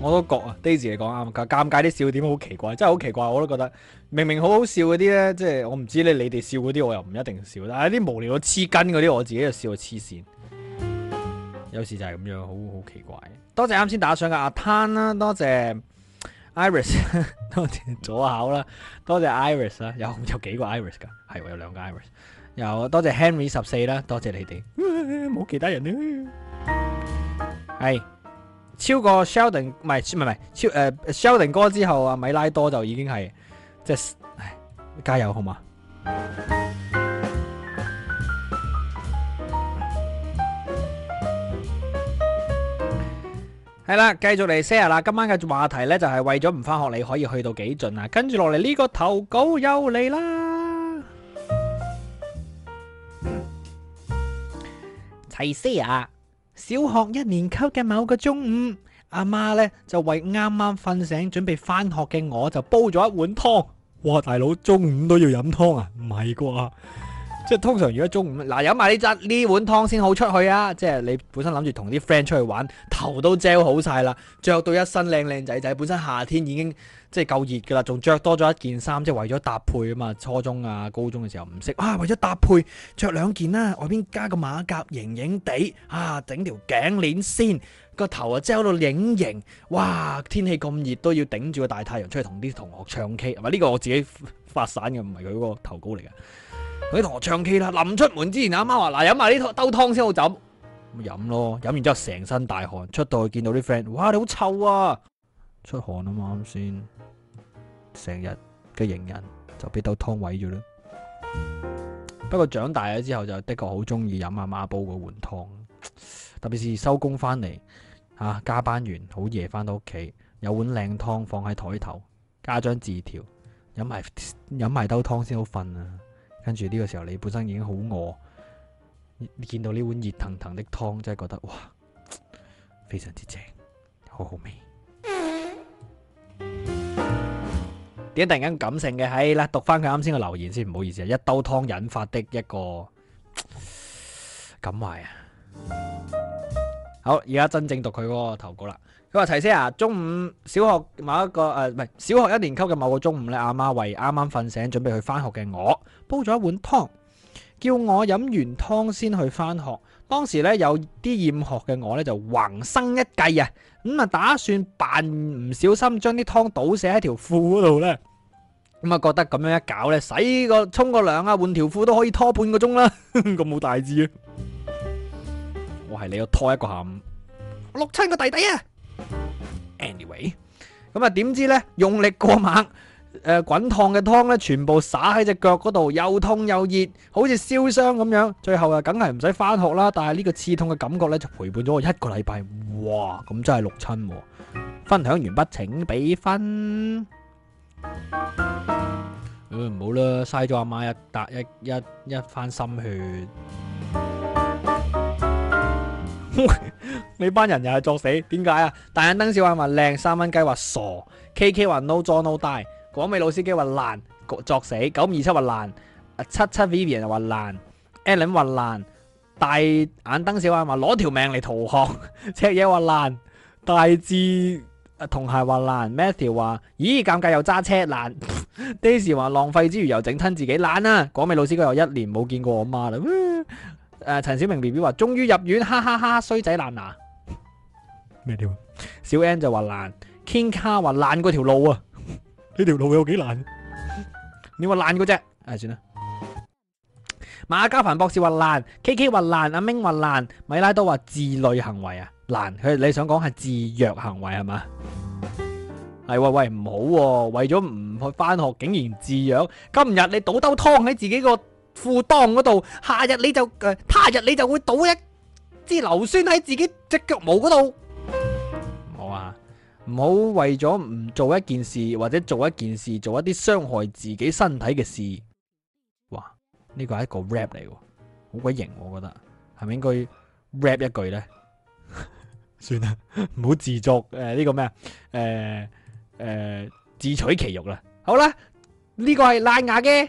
我都覺啊，Daisy 嚟講啱，尷尬啲笑點好奇怪，真係好奇怪，我都覺得明明好好笑嗰啲咧，即係我唔知咧，你哋笑嗰啲我又唔一定笑，但係啲無厘頭黐筋嗰啲，我自己就笑到黐線。有時就係咁樣，好好奇怪。多謝啱先打賞嘅阿 Tan 啦，多謝。Iris，多謝咗考啦，多謝 Iris 啦，有有幾個 Iris 噶，係我有兩個 Iris，又多謝 Henry 十四啦，多謝你哋，冇 其他人呢？係超過 Sheldon，唔係唔係唔係超誒、呃、Sheldon 哥之後啊，米拉多就已經係即係，加油好嘛。係啦，繼續嚟 share 啦。今晚嘅話題呢，就係為咗唔返學，你可以去到幾盡啊？跟住落嚟呢個投稿又嚟啦。齊 share 小學一年級嘅某個中午，阿媽呢就為啱啱瞓醒準備返學嘅我，就煲咗一碗湯。哇，大佬中午都要飲湯啊？唔係啩？即通常如果中午嗱飲埋呢汁呢碗湯先好出去啊！即係你本身諗住同啲 friend 出去玩，頭都遮好晒啦，着到一身靚靚仔仔。本身夏天已經即係夠熱噶啦，仲着多咗一件衫，即係為咗搭配啊嘛。初中啊高中嘅時候唔識啊，為咗搭配着兩件啦，啊，外邊加個馬甲，型型地啊，整條頸鏈先，個頭啊遮到隱形。哇！天氣咁熱都要頂住個大太陽出去同啲同學唱 K，唔係呢個我自己發散嘅，唔係佢嗰個投稿嚟嘅。佢同我唱 K 啦，臨出門之前阿媽話，嗱，飲埋呢湯兜湯先好飲，咁飲咯。飲完之後成身大汗，出到去見到啲 friend，哇，你好臭啊！出汗啊嘛，啱先，成日嘅型人就俾兜湯毀咗啦。不過長大咗之後，就的確好中意飲阿媽煲嘅碗湯，特別是收工翻嚟，吓加班完好夜翻到屋企，有碗靚湯放喺台頭，加張字條，飲埋飲埋兜湯先好瞓啊！跟住呢個時候，你本身已經好餓，你見到呢碗熱騰騰的湯，真係覺得哇，非常之正，好好味。點解、嗯、突然間感性嘅？係啦，讀翻佢啱先嘅留言先。唔好意思啊，一兜湯引發的一個感懷啊。好，而家真正讀佢嗰個頭稿啦。佢話，齊些牙，中午小學某一個誒，唔、呃、係小學一年級嘅某個中午呢，阿媽為啱啱瞓醒準備去翻學嘅我煲咗一碗湯，叫我飲完湯先去翻學。當時呢，有啲厭學嘅我呢，就橫生一計啊，咁、嗯、啊打算扮唔小心將啲湯倒瀉喺條褲嗰度呢。咁、嗯、啊覺得咁樣一搞呢，洗個沖個涼啊，換條褲都可以拖半個鐘啦，咁 冇大志啊！我係你要拖一個下午，六親個弟弟啊！anyway，咁啊點知呢？用力過猛，誒滾燙嘅湯呢，全部灑喺隻腳嗰度，又痛又熱，好似燒傷咁樣。最後啊，梗係唔使翻學啦。但係呢個刺痛嘅感覺呢，就陪伴咗我一個禮拜。哇，咁真係六親。分享完畢請俾分。唔好啦，嘥咗阿媽一打一一一番心血。 你班人又係作死？點解啊？大眼瞪小眼話靚，三蚊雞話傻，K K 話 no draw no die，廣美老司機話爛，作死九五二七話爛，七七 Vivian 又話爛，Alan 話爛，大眼瞪小眼話攞條命嚟逃學，赤嘢話爛，大志、啊、同鞋話爛，Matthew 話咦尷尬又揸車爛 ，Daisy 話浪費之餘又整親自己爛啊！廣美老司機又一年冇見過我媽啦。 誒、呃，陳小明 B B 話終於入院，哈哈哈，哈，衰仔爛啊。咩條？小 N 就話爛，King 卡話爛過條路啊！呢 條路有幾爛？你話爛個啫，係、啊、算啦。馬嘉凡博士話爛，K K 話爛，阿明話爛，米拉都話自虐行為啊爛。佢你想講係自虐行為係嘛？係喂、哎、喂，唔好、啊，為咗唔去翻學，竟然自虐。今日你倒兜湯喺自己個。褲襠嗰度，夏日你就誒，呃、他日你就會倒一支硫酸喺自己隻腳毛嗰度。好啊，唔好為咗唔做一件事，或者做一件事，做一啲傷害自己身體嘅事。哇，呢個係一個 rap 嚟嘅，好鬼型，我覺得係咪應該 rap 一句咧？ 算啦，唔好自作誒呢、呃這個咩啊？誒、呃、誒、呃，自取其辱啦。好啦，呢、這個係爛牙嘅。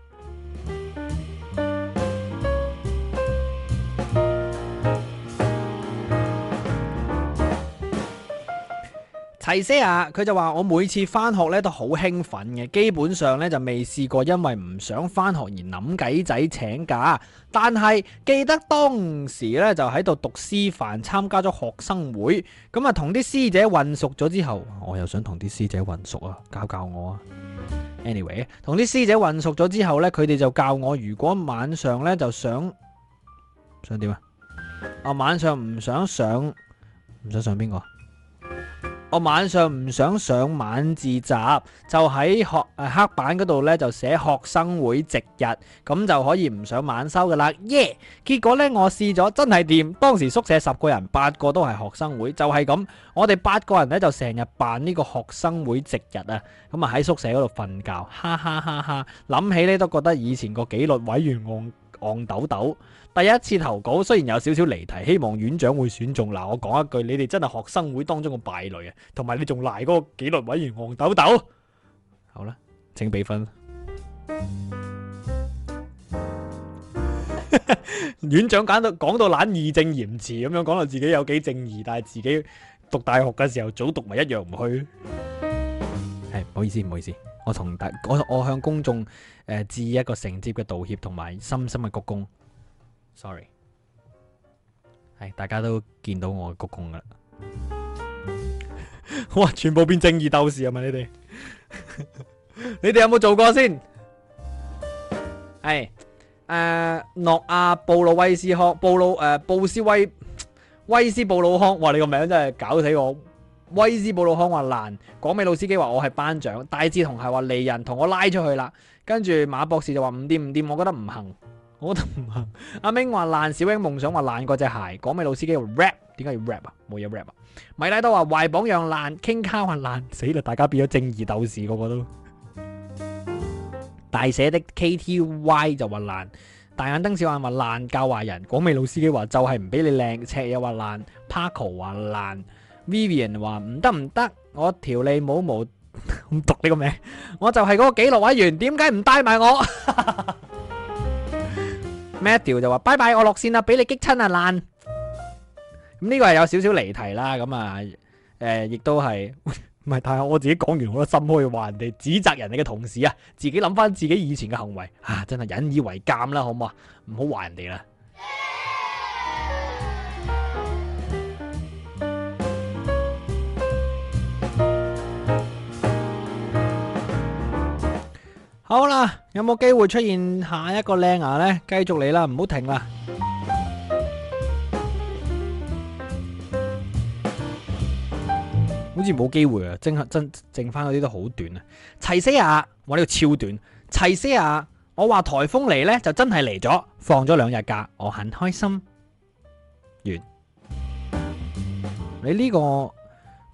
齊 Sir 佢就話我每次翻學咧都好興奮嘅，基本上咧就未試過因為唔想翻學而諗計仔請假。但係記得當時咧就喺度讀師範，參加咗學生會，咁啊同啲師姐混熟咗之後，我又想同啲師姐混熟啊，教教我啊。Anyway，同啲師姐混熟咗之後咧，佢哋就教我如果晚上咧就想想點啊？啊晚上唔想上，唔想上邊個？我晚上唔想上晚自習，就喺學誒、呃、黑板嗰度咧就寫學生會值日，咁就可以唔上晚修噶啦。耶、yeah!！結果咧我試咗，真係掂。當時宿舍十個人，八個都係學生會，就係、是、咁。我哋八個人咧就成日辦呢個學生會值日啊，咁啊喺宿舍嗰度瞓覺，哈哈哈哈！諗起咧都覺得以前個紀律委員戇戇豆豆。第一次投稿雖然有少少離題，希望院長會選中嗱。我講一句，你哋真係學生會當中嘅敗類啊！同埋你仲賴嗰個紀律委員黃豆豆。好啦，請俾分。 院長講到講到懶義正言辭咁樣，講到自己有幾正義，但係自己讀大學嘅時候早讀埋一樣唔去。係、哎、唔好意思，唔好意思，我同大我我向公眾誒、呃、致一個誠摯嘅道歉，同埋深深嘅鞠躬。sorry，係大家都見到我鞠躬噶啦，哇！ 全部變正義鬥士啊嘛，你哋， 你哋有冇做過先？係 誒、哎，諾、呃、亞布魯威斯康布魯誒、呃、布斯威威斯布魯康，哇！你個名真係搞死我。威斯布魯康話難，港美老司機話我係班長，大志同係話離人同我拉出去啦，跟住馬博士就話唔掂唔掂，我覺得唔行。我都唔阿明話爛，小英夢想話爛過隻鞋。港美老司機話 rap，點解要 rap 啊？冇嘢 rap 啊！米拉多話壞榜樣爛，King Car 話爛死啦！大家變咗正義鬥士，個個都大寫的 K T Y 就話爛，大眼瞪小眼話爛教壞人。港美老司機話就係唔俾你靚，尺又話爛，Paco 話爛，Vivian 話唔得唔得，我條脷冇毛，唔 讀呢個名，我就係嗰個記錄委員，點解唔帶埋我？ 咩調就話拜拜，bye bye，我落線啦，俾你激親啊爛！咁呢 個係有少少離題啦，咁啊，誒、呃，亦都係唔係太好。 我自己講完我都心虛，可以話人哋指責人哋嘅同事啊，自己諗翻自己以前嘅行為啊，真係引以為鑑啦，好唔好？唔好話人哋啦。好啦，有冇機會出現下一個靚牙呢？繼續嚟啦，唔好停啦！好似冇機會啊，真剩翻嗰啲都好短啊！齊些啊！我呢度超短，齊些啊！我話台風嚟呢就真係嚟咗，放咗兩日假，我很開心。完，你呢、這個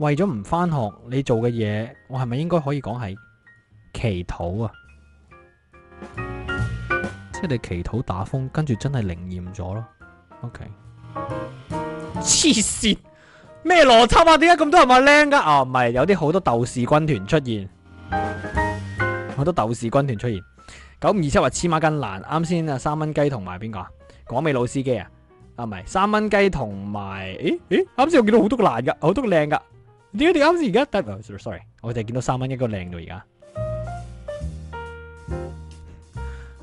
為咗唔返學你做嘅嘢，我係咪應該可以講係祈禱啊？即係你祈禱打風，跟住真係靈驗咗咯。O K，黐線咩邏輯啊？點解咁多人話靚噶？啊，唔係，有啲好多鬥士軍團出現，好多鬥士軍團出現。九五二七話黐孖筋爛。啱先啊，三蚊雞同埋邊個啊？港尾老司機啊？啊，唔係，三蚊雞同埋，誒、欸、誒，啱、欸、先我見到好多個爛噶，好多個靚噶。點解你啱先而家得、哦、s o r r y 我淨係見到三蚊一個靚到而家。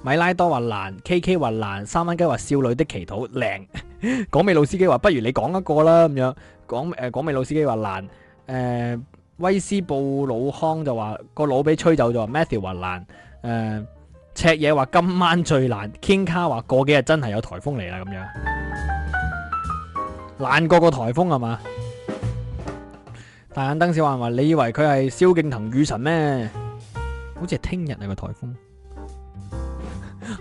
米拉多話難，KK 話難，三蚊雞話少女的祈禱靚， 港味老司機話不如你講一個啦咁樣，港誒港味老司機話難，誒、呃、威斯布魯康就話個腦俾吹走咗，Matthew 話難，呃、赤嘢話今晚最難，Kingcar 話過幾日真係有颱風嚟啦咁樣，難過個颱風係嘛？大眼燈小話話，你以為佢係蕭敬騰雨神咩？好似係聽日嚟個颱風。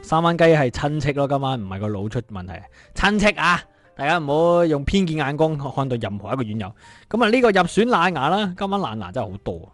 三蚊雞係親戚咯，今晚唔係個腦出問題，親戚啊，大家唔好用偏見眼光看待任何一個院友。咁啊，呢個入選爛牙啦，今晚爛牙真係好多。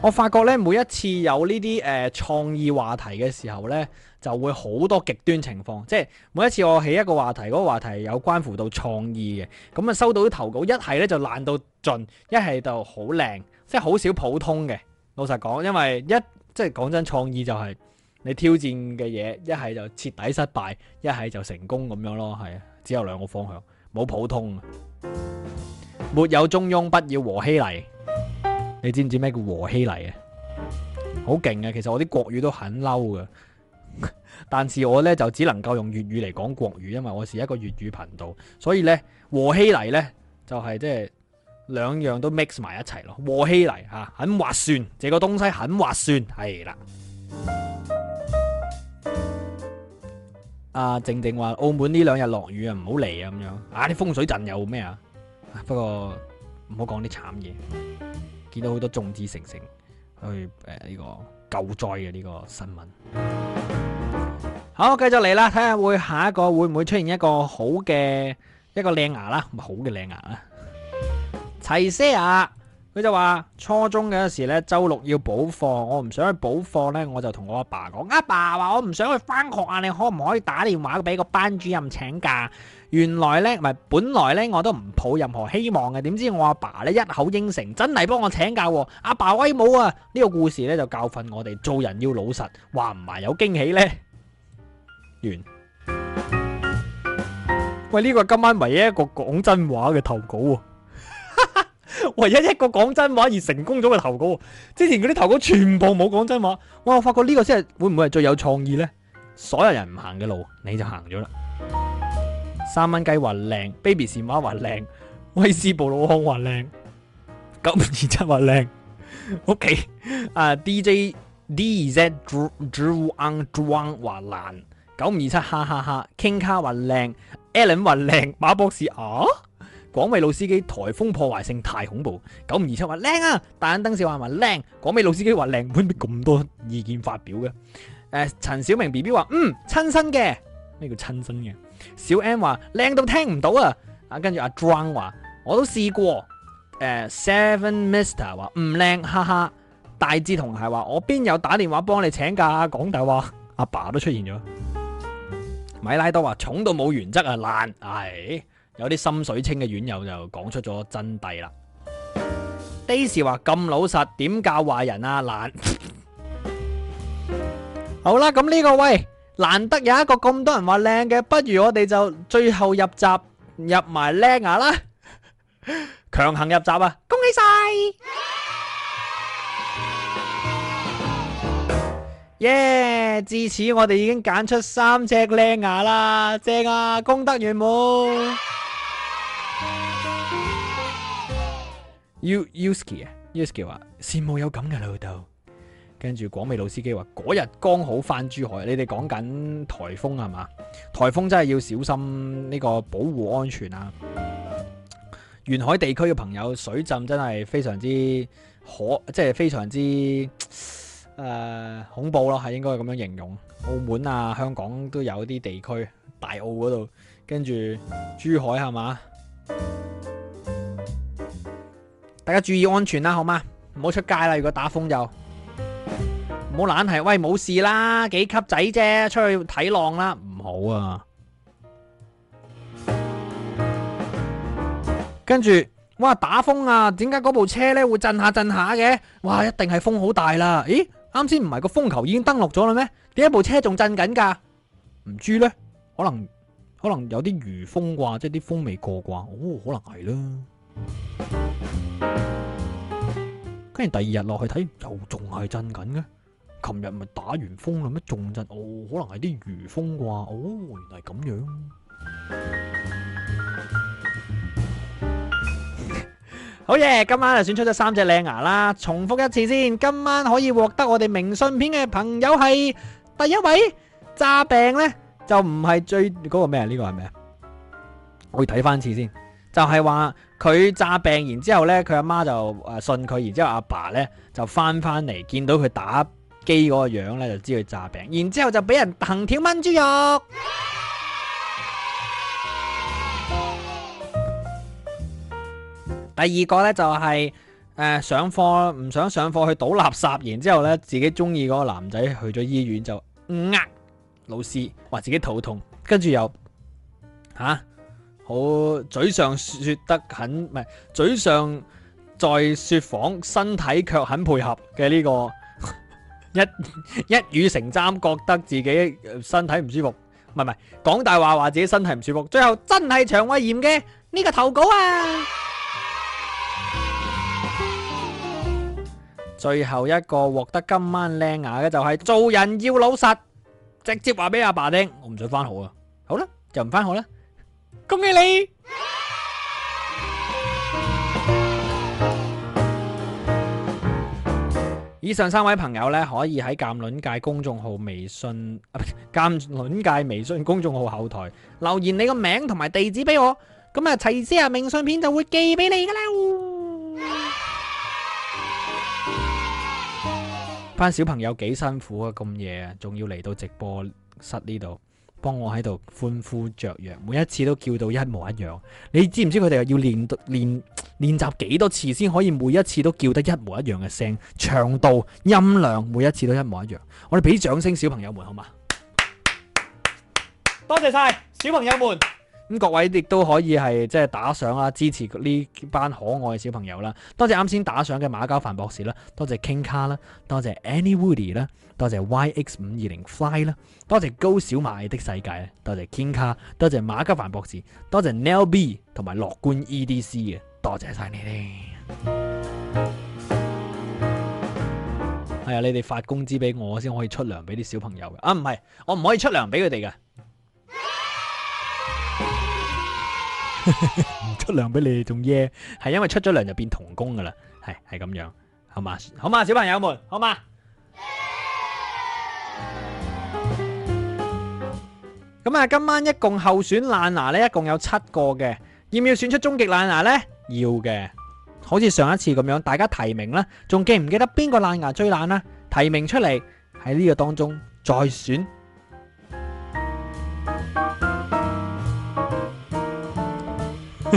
我發覺呢，每一次有呢啲誒創意話題嘅時候呢，就會好多極端情況，即係每一次我起一個話題，嗰個話題有關乎到創意嘅，咁啊，收到啲投稿，一係呢就爛到盡，一係就好靚，即係好少普通嘅。老實講，因為一即係講真，創意就係你挑戰嘅嘢，一係就徹底失敗，一係就成功咁樣咯，係啊，只有兩個方向，冇普通嘅， 沒有中庸，不要和稀泥。你知唔知咩叫和稀泥啊？好勁啊，其實我啲國語都很嬲嘅，但是我呢，就只能夠用粵語嚟講國語，因為我是一個粵語頻道，所以呢，和稀泥呢，就係即係。兩樣都 mix 埋一齊咯，和稀泥吓，很、啊、劃算。這個東西很劃算，係啦。阿靜靜話澳門呢兩日落雨啊，唔好嚟啊咁樣。啊，啲、啊、風水陣有咩啊？不過唔好講啲慘嘢。見到好多眾志成城去誒呢、呃這個救災嘅呢個新聞。好，繼續嚟啦，睇下會下一個會唔會出現一個好嘅一個靚牙啦，咪好嘅靚牙啦。提示啊！佢就話初中嘅時咧，周六要補課，我唔想去補課呢，我就同我阿爸講，阿爸話我唔想去翻學啊，你可唔可以打電話俾個班主任請假？原來呢，唔係本來呢，我都唔抱任何希望嘅，點知我阿爸呢，一口應承，真係幫我請假。阿爸威武啊！呢個故事呢，就教訓我哋做人要老實，話唔埋有驚喜呢？完。喂，呢個今晚唯一一個講真話嘅投稿。唯一一個講真話而成功咗嘅投稿。之前嗰啲投稿全部冇講真話，我發覺呢個先係會唔會係最有創意咧？所有人唔行嘅路，你就行咗啦。三蚊雞話靚，Baby 是馬話靚，威斯布魯康話靚，九五二七話靚 ，OK，啊、uh, DJ D Z D Z Wang d r 話爛，九五二七哈哈哈，King 卡話靚，Ellen 話靚，馬博士啊？廣美老司機颱風破壞性太恐怖，九五二七話靚啊，大眼燈笑話話靚，廣美老司機話靚，點解咁多意見發表嘅？誒、呃，陳小明 B B 話嗯親身嘅，咩叫親身嘅？小 M 話靚到聽唔到啊！啊，跟住阿 Drum 話我都試過，誒、啊、Seven Mister 話唔靚，哈哈！大志同係話我邊有打電話幫你請假啊？講大話，阿爸都出現咗，米拉多話重到冇原則啊，爛係。哎有啲心水清嘅院友就講出咗真諦啦。Daisy 話，咁老實，點教壞人啊？難。 好啦，咁呢個位難得有一個咁多人話靚嘅，不如我哋就最後入閘入埋靚牙啦，強 行入閘啊！恭喜晒，耶、yeah，！至此我哋已經揀出三隻靚牙啦，正啊，功德圓滿。U Uskie 啊，Uskie 話羨慕有咁嘅老豆。跟住廣美老司機話：嗰日剛好翻珠海，你哋講緊台風係嘛？台風真係要小心呢個保護安全啊！沿海地區嘅朋友，水浸真係非常之可，即係非常之誒、呃、恐怖咯、啊，係應該咁樣形容。澳門啊，香港都有啲地區，大澳嗰度，跟住珠海係嘛？是大家注意安全啦，好嗎？唔好出街啦。如果打風就唔好懶係。喂，冇事啦，幾級仔啫，出去睇浪啦，唔好啊。跟住，哇，打風啊！點解嗰部車呢會震下震下嘅？哇，一定係風好大啦！咦，啱先唔係個風球已經登陸咗啦咩？點解部車仲震緊噶？唔知道呢？可能。可能有啲餘風啩，即係啲風未過啩，哦，可能係啦。跟住第二日落去睇，又仲係震緊嘅。琴日咪打完風啦咩？仲震，哦，可能係啲餘風啩。哦，原嚟係咁樣。好嘢！今晚就選出咗三隻靚牙啦。重複一次先，今晚可以獲得我哋明信片嘅朋友係第一位詐病咧就唔係追嗰個咩？呢、呢個係咩？我要睇翻次先。就係話佢詐病，然之後咧，佢阿媽就誒信佢，然之後阿爸呢，就翻翻嚟，見到佢打機嗰個樣呢，就知佢詐病。然之後就俾人藤條炆豬肉。 第二個呢、就係，就係誒上課唔想上課去倒垃圾，然之後咧自己中意嗰個男仔去咗醫院就。嗯啊老師話自己肚痛，跟住又吓、啊，好，嘴上說得很唔係，嘴上在說謊，身體卻很配合嘅呢、這個一一語成讖，覺得自己身體唔舒服，唔係唔係講大話，話自己身體唔舒服，最後真係腸胃炎嘅呢、這個投稿啊！ 最後一個獲得今晚靚牙嘅就係、是、做人要老實。直接話俾阿爸聽，我唔想翻學啊！好啦，就唔翻學啦！恭喜你！以上三位朋友呢，可以喺鑒卵界公眾號微信啊，鑒卵界微信公眾號後台留言你個名同埋地址俾我，咁啊齊些牙明信片就會寄俾你噶啦。班小朋友幾辛苦啊！咁夜仲要嚟到直播室呢度幫我喺度歡呼雀躍，每一次都叫到一模一樣。你知唔知佢哋要練練練習幾多次先可以每一次都叫得一模一樣嘅聲長度音量，每一次都一模一樣？我哋俾啲掌聲，小朋友們好嘛？多謝晒，小朋友們。咁各位亦都可以係即係打賞啦，支持呢班可愛嘅小朋友啦。多謝啱先打賞嘅馬家凡博士啦，多謝 King 卡啦，多謝 Any Woody 啦，多謝 YX 五二零 Fly 啦，多謝高小馬的世界啦，多謝 King 卡，多謝馬家凡博士，多謝 Nell B 同埋樂觀 EDC 嘅，多謝晒你哋。係啊、 哎，你哋發工資俾我先可以出糧俾啲小朋友嘅。啊，唔係，我唔可以出糧俾佢哋嘅。唔出糧俾你，仲耶？係因為出咗糧就變童工噶啦，係係咁樣，好嘛？好嘛，小朋友們，好嘛？咁啊，今晚一共候選爛牙呢，一共有七個嘅，要唔要選出終極爛牙呢？要嘅，好似上一次咁樣，大家提名啦，仲記唔記得邊個爛牙最爛啊？提名出嚟喺呢個當中再選。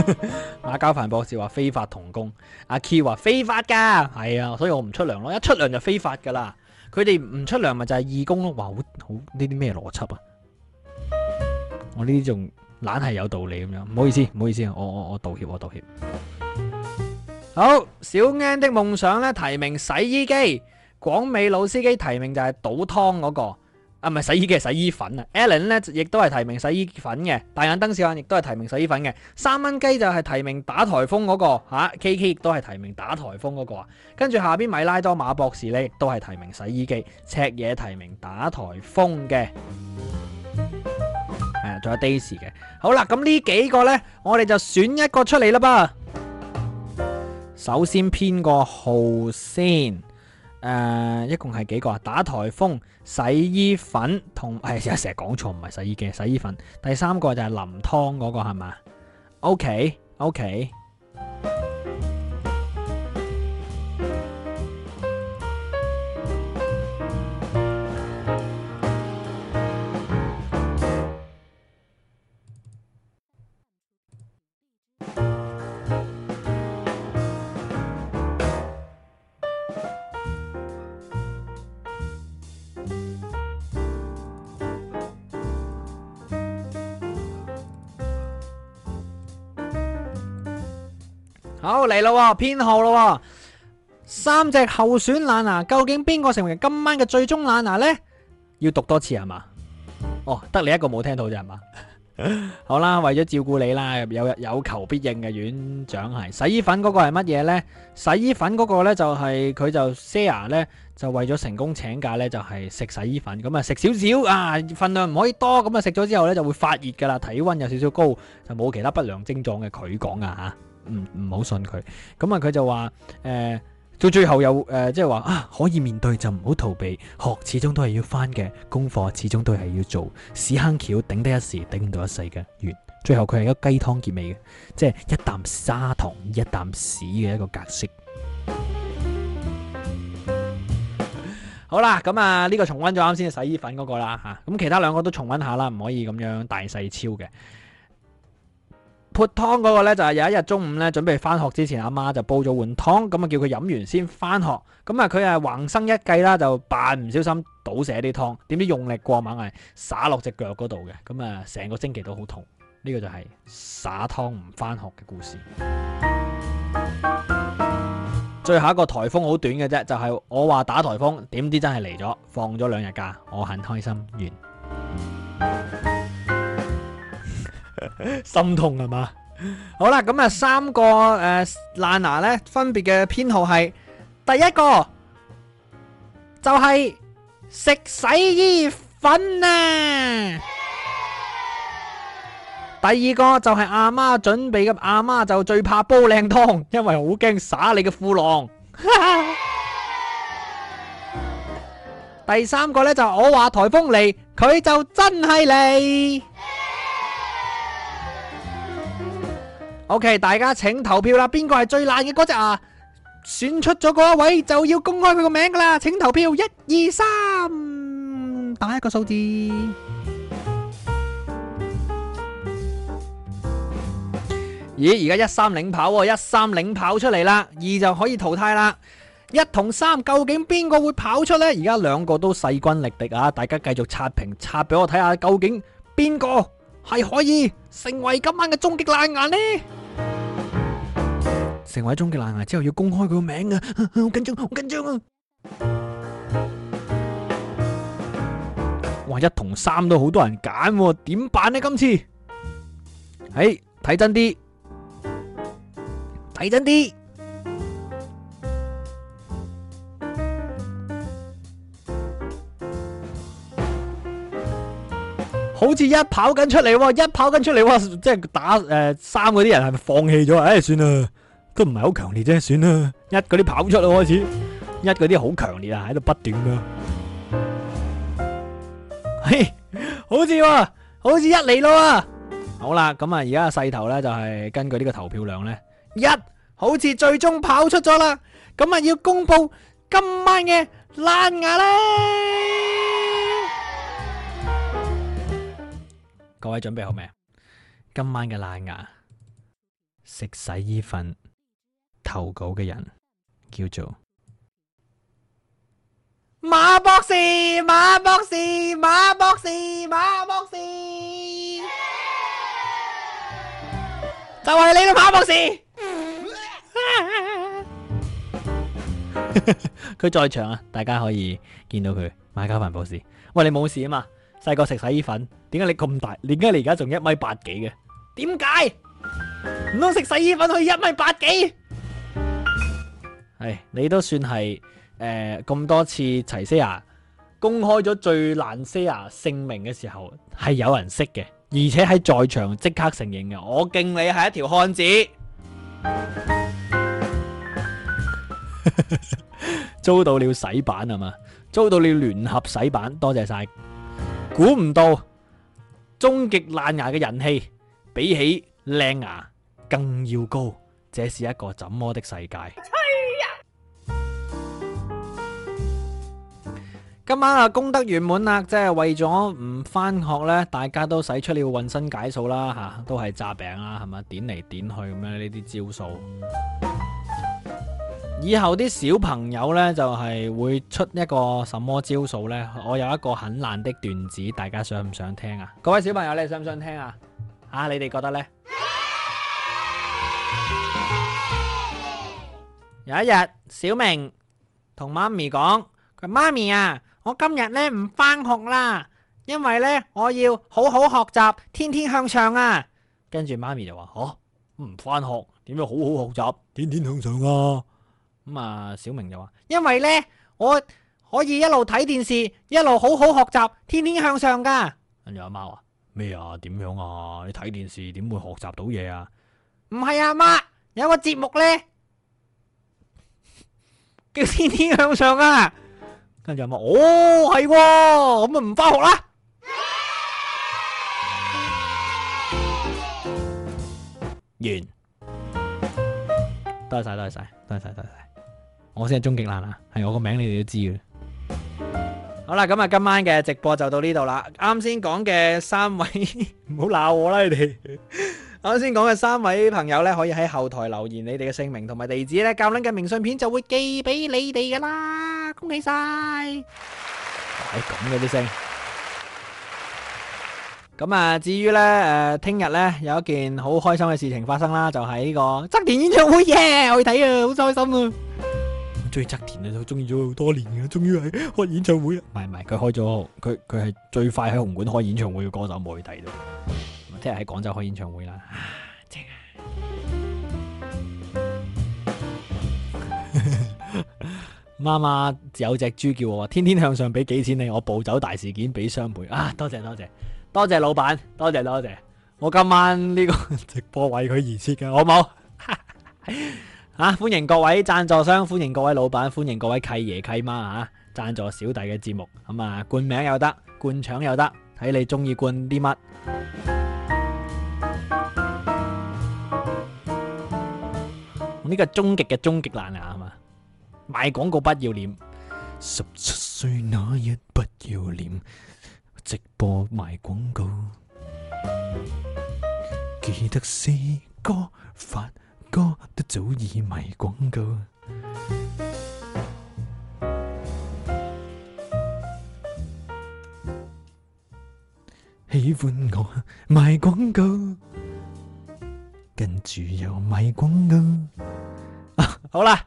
馬交凡博士話非法童工，阿 Key 話非法噶係啊，所以我唔出糧咯。一出糧就非法噶啦，佢哋唔出糧咪就係義工咯。哇，好好呢啲咩邏輯啊？我呢啲仲懶係有道理咁樣，唔好意思，唔好意思，我我我道歉，我道歉。好，小 Ang 的夢想咧，提名洗衣機，廣美老司機提名就係倒湯嗰個。啊，唔係洗衣機，係洗衣粉啊！Alan 咧亦都係提名洗衣粉嘅，大眼燈小眼亦都係提名洗衣粉嘅，三蚊雞就係提名打颱風嗰個吓，啊，K K 亦都係提名打颱風嗰個啊！跟住下邊米拉多馬博士咧亦都係提名洗衣機，赤嘢提名打颱風嘅，係、啊、仲有 Daisy 嘅。好啦，咁呢幾個呢，我哋就選一個出嚟啦噃。首先編個號先。誒、uh,，一共係幾個啊？打颱風、洗衣粉同哎，又成日講錯，唔係洗衣機，洗衣粉。第三個就係淋湯嗰、那個係嘛？OK，OK。嚟咯，編號咯，三隻候選懶牙，究竟邊個成為今晚嘅最終懶牙呢？要讀多次係嘛？哦，得你一個冇聽到啫，係嘛？ 好啦，為咗照顧你啦，有有求必應嘅院長係。洗衣粉嗰個係乜嘢呢？洗衣粉嗰個、就係、呢，就係佢就 Sarah 咧就為咗成功請假呢，就係食洗衣粉，咁啊食少少啊份量唔可以多，咁啊食咗之後呢，就會發熱噶啦，體温有少少高，就冇其他不良症狀嘅佢講噶吓。啊唔唔好信佢，咁啊佢就話誒、呃，到最後又誒，即係話啊，可以面對就唔好逃避，學始終都係要翻嘅，功課始終都係要做，屎坑橋頂得一時，頂唔到一世嘅完。最後佢係一個雞湯結尾嘅，即係一啖砂糖，一啖屎嘅一個格式。好啦，咁啊呢個重温咗啱先嘅洗衣粉嗰個啦吓，咁其他兩個都重温下啦，唔可以咁樣大細超嘅。潑湯嗰個呢，就係有一日中午呢，準備翻學之前，阿媽就煲咗碗湯，咁啊叫佢飲完先翻學。咁啊佢係橫生一計啦，就扮唔小心倒瀉啲湯。點知用力過猛係灑落隻腳嗰度嘅，咁啊成個星期都好痛。呢個就係灑湯唔翻學嘅故事。最後一個颱風好短嘅啫，就係、是，我話打颱風，點知真係嚟咗，放咗兩日假，我很開心。完。 心痛係嘛？好啦，咁啊三個誒爛牙咧，分別嘅編號係第一個就係、是、食洗衣粉呢 第二個就係阿媽準備嘅，阿媽就最怕煲靚湯，因為好驚灑你嘅褲浪。哈哈 第三個呢就是、我話颱風嚟，佢就真係嚟。O K，大家請投票啦，邊個係最爛嘅嗰隻啊？選出咗嗰一位就要公開佢個名噶啦，請投票，一、二、三，打一個數字。咦，而家一三領跑喎，一三領跑出嚟啦，二就可以淘汰啦。一同三究竟邊個會跑出咧？而家兩個都勢均力敵啊！大家繼續刷屏，刷俾我睇下究竟邊個係可以成為今晚嘅終極爛牙咧？成為終極爛牙之後，要公開佢個名啊！好緊張，好緊張啊！哇，一同三都好多人揀喎，點辦呢？今，欸，次，誒，睇真啲，睇真啲，好似一跑緊出嚟喎，一跑緊出嚟喎，即係打、誒、呃、三嗰啲人係咪放棄咗啊？誒、欸，算啦。都唔係好強烈啫，算啦。一嗰啲跑出啦開始，一嗰啲好強烈啊，喺度不斷啊。嘿，好似喎，好似一嚟咯喎。好啦，咁啊，而家嘅勢頭咧就係根據呢個投票量咧，一好似最終跑出咗啦。咁啊要公布今晚嘅爛牙啦。各位準備好未啊？今晚嘅爛牙食洗衣粉。投稿嘅人叫做馬博士，馬博士，馬博士，馬博士，就係你個馬博士。佢在場啊，大家可以見到佢馬家凡博士。喂，你冇事啊嘛？細個食洗衣粉，點解你咁大？點解你而家仲一米八幾嘅？點解唔通食洗衣粉可以一米八幾？哎、你都算係誒，咁、呃、多次齊西 i 公開咗最爛西 i 姓名嘅時候，係有人識嘅，而且喺在，在場即刻承認嘅。我敬你係一條漢子。 遭，遭到了洗版係嘛？遭到了聯合洗版，多謝晒。估唔到終極爛牙嘅人氣比起靚牙更要高，這是一個怎麼的世界？今晚啊，功德圓滿啦！即係為咗唔翻學呢，大家都使出了渾身解數啦，吓都係詐餅啦，係咪點嚟點去咁樣呢啲招數、嗯。以後啲小朋友呢，就係、是、會出一個什麼招數呢？我有一個很爛的段子，大家想唔想聽啊？各位小朋友，你想唔想聽啊？啊，你哋覺得呢？ 有一日，小明同媽咪講：佢媽咪啊！我今日咧唔翻學啦，因為咧我要好好學習，天天向上啊！跟住媽咪就話：哦、啊，唔翻學點樣好好學習，天天向上啊？咁啊，小明就話：因為咧我可以一路睇電視，一路好好學習，天天向上噶。跟住阿媽話：咩啊？點樣啊？你睇電視點會學習到嘢啊？唔係啊，媽，有個節目咧叫《天天向上》啊！跟住阿媽，哦，係喎，咁啊唔返學啦，完。多謝晒，多謝晒，多謝晒，多謝晒。我先係終極難啊，係我個名你哋都知嘅。好啦，咁啊，今晚嘅直播就到呢度啦。啱先講嘅三位唔好鬧我啦，你哋啱先講嘅三位朋友咧，可以喺後台留言你哋嘅姓名同埋地址咧，教捻嘅明信片就會寄俾你哋噶啦。恭喜晒，係咁嘅啲聲。咁啊，至於咧，誒、呃，聽日咧有一件好開心嘅事情發生啦，就係、是、呢、這個側田演唱會耶，yeah! 我去睇啊，好開心啊！側我中意側田啊，都中意咗好多年嘅，終於係開演唱會啊！唔係，唔係，佢開咗，佢佢係最快喺紅館開演唱會嘅歌手，冇去睇到。聽日喺廣州開演唱會啦。媽媽有隻豬叫我天天向上，俾幾錢你。我暴走大事件俾雙倍啊，多謝多謝多謝老闆，多謝多謝。我今晚呢、這個直播為佢而設嘅好冇嚇、？ 啊、歡迎各位贊助商，歡迎各位老闆，歡迎各位契爺契媽啊，贊助小弟嘅節目。咁啊，冠名又得，冠腸又得，睇你中意冠啲乜？呢個係終極嘅終極爛牙係嘛～啊賣廣告不要臉，十七歲那日不要臉，直播賣廣告。記得四哥、發哥都早已賣廣告，喜歡我賣廣告，跟住又賣廣告。好啦。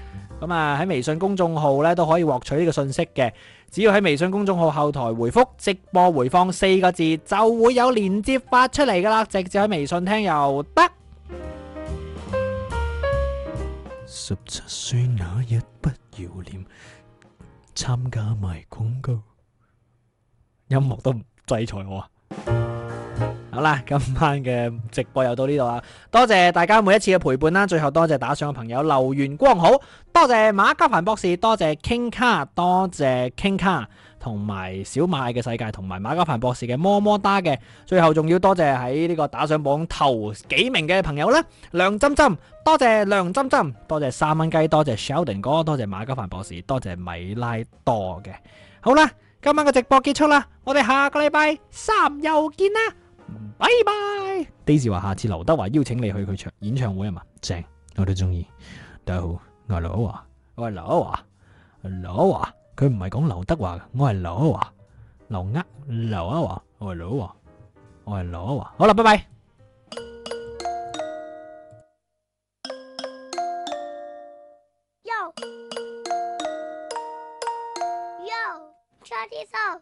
咁啊，喺微信公眾號咧都可以獲取呢個信息嘅，只要喺微信公眾號後台回覆直播回放四個字，就會有鏈接發出嚟噶啦，直接喺微信聽又得。十七歲那日不念，不要臉參加埋廣告，音樂都制裁我啊！好啦，今晚嘅直播又到呢度啦，多謝大家每一次嘅陪伴啦。最後多謝打賞嘅朋友，留言光好，多謝馬家凡博士，多謝 King 卡，多謝 King 卡，同埋小馬嘅世界，同埋馬家凡博士嘅麼么噠嘅。最後仲要多謝喺呢個打賞榜頭幾名嘅朋友啦，梁針針，多謝梁針針，多謝三蚊雞，多謝 Sheldon 哥，多謝馬家凡博士，多謝米拉多嘅。好啦，今晚嘅直播結束啦，我哋下個禮拜三又見啦。拜拜。Daisy 話下次劉德華邀請你去佢唱演唱會啊嘛，正我都中意。大家好，我係劉德華，我係劉德華，劉德華佢唔係講劉德華嘅，我係劉德華，劉呃劉德華，我係劉德華，我係劉德華，好啦，拜拜。Yo Yo Charlie Show。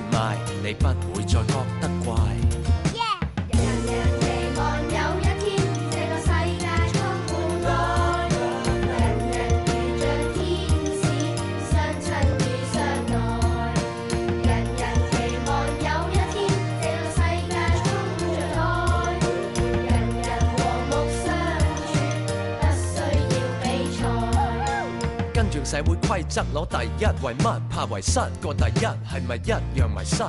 你不會再覺得怪。社會規則攞第一為，怕為乜怕遺失個第一？係咪一樣迷失？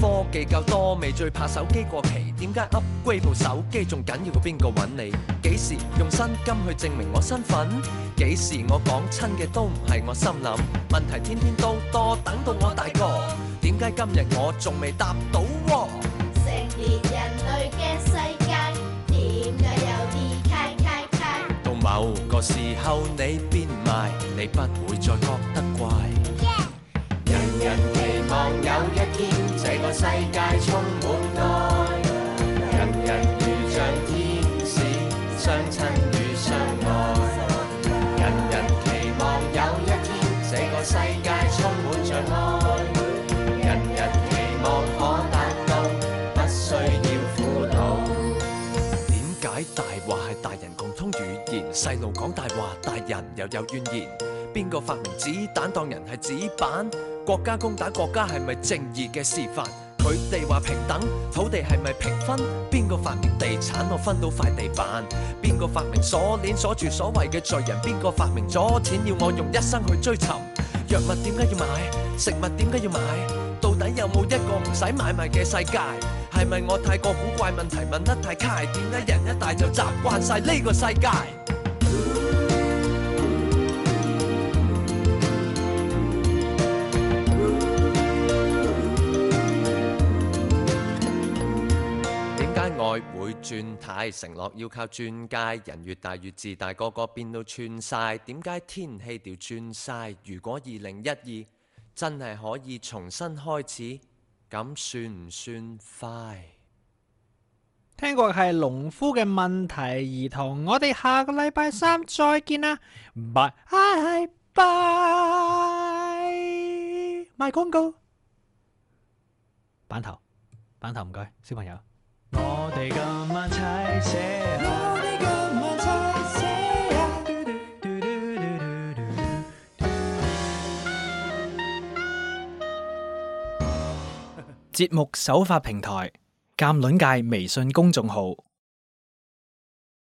科技夠多未？沒最怕手機過期，點解 upgrade 部手機仲緊要過邊個揾你？幾時用薪金去證明我身份？幾時我講親嘅都唔係我心諗？問題天天都多，等到我大個，點解今日我仲未答到？時候你變賣，你不會再覺得怪。人人期望有一天，這個世界充滿。細路講大話，大人又有怨言，言。邊個發明子彈當人係紙板？國家攻打國家係咪正義嘅示範？佢哋話平等，土地係咪平分？邊個發明地產我分到塊地板？邊個發明鎖鏈鎖住所謂嘅罪人？邊個發明咗錢要我用一生去追尋？藥物點解要買？食物點解要買？到底有冇一個唔使買賣嘅世界？係咪我太過古怪？問題問得太 high？點解人一大就習慣晒呢個世界？點解愛會轉態？承諾要靠專家，人越大越自大，個個變到串晒。點解天氣調轉晒？如果二零一二真係可以重新開始，咁算唔算快？聽過係農夫嘅問題兒童，我哋下個禮拜三再見啦，拜拜拜，賣廣告，板頭，板頭唔該，小朋友。 節目首發平台。鑑論界微信公眾號。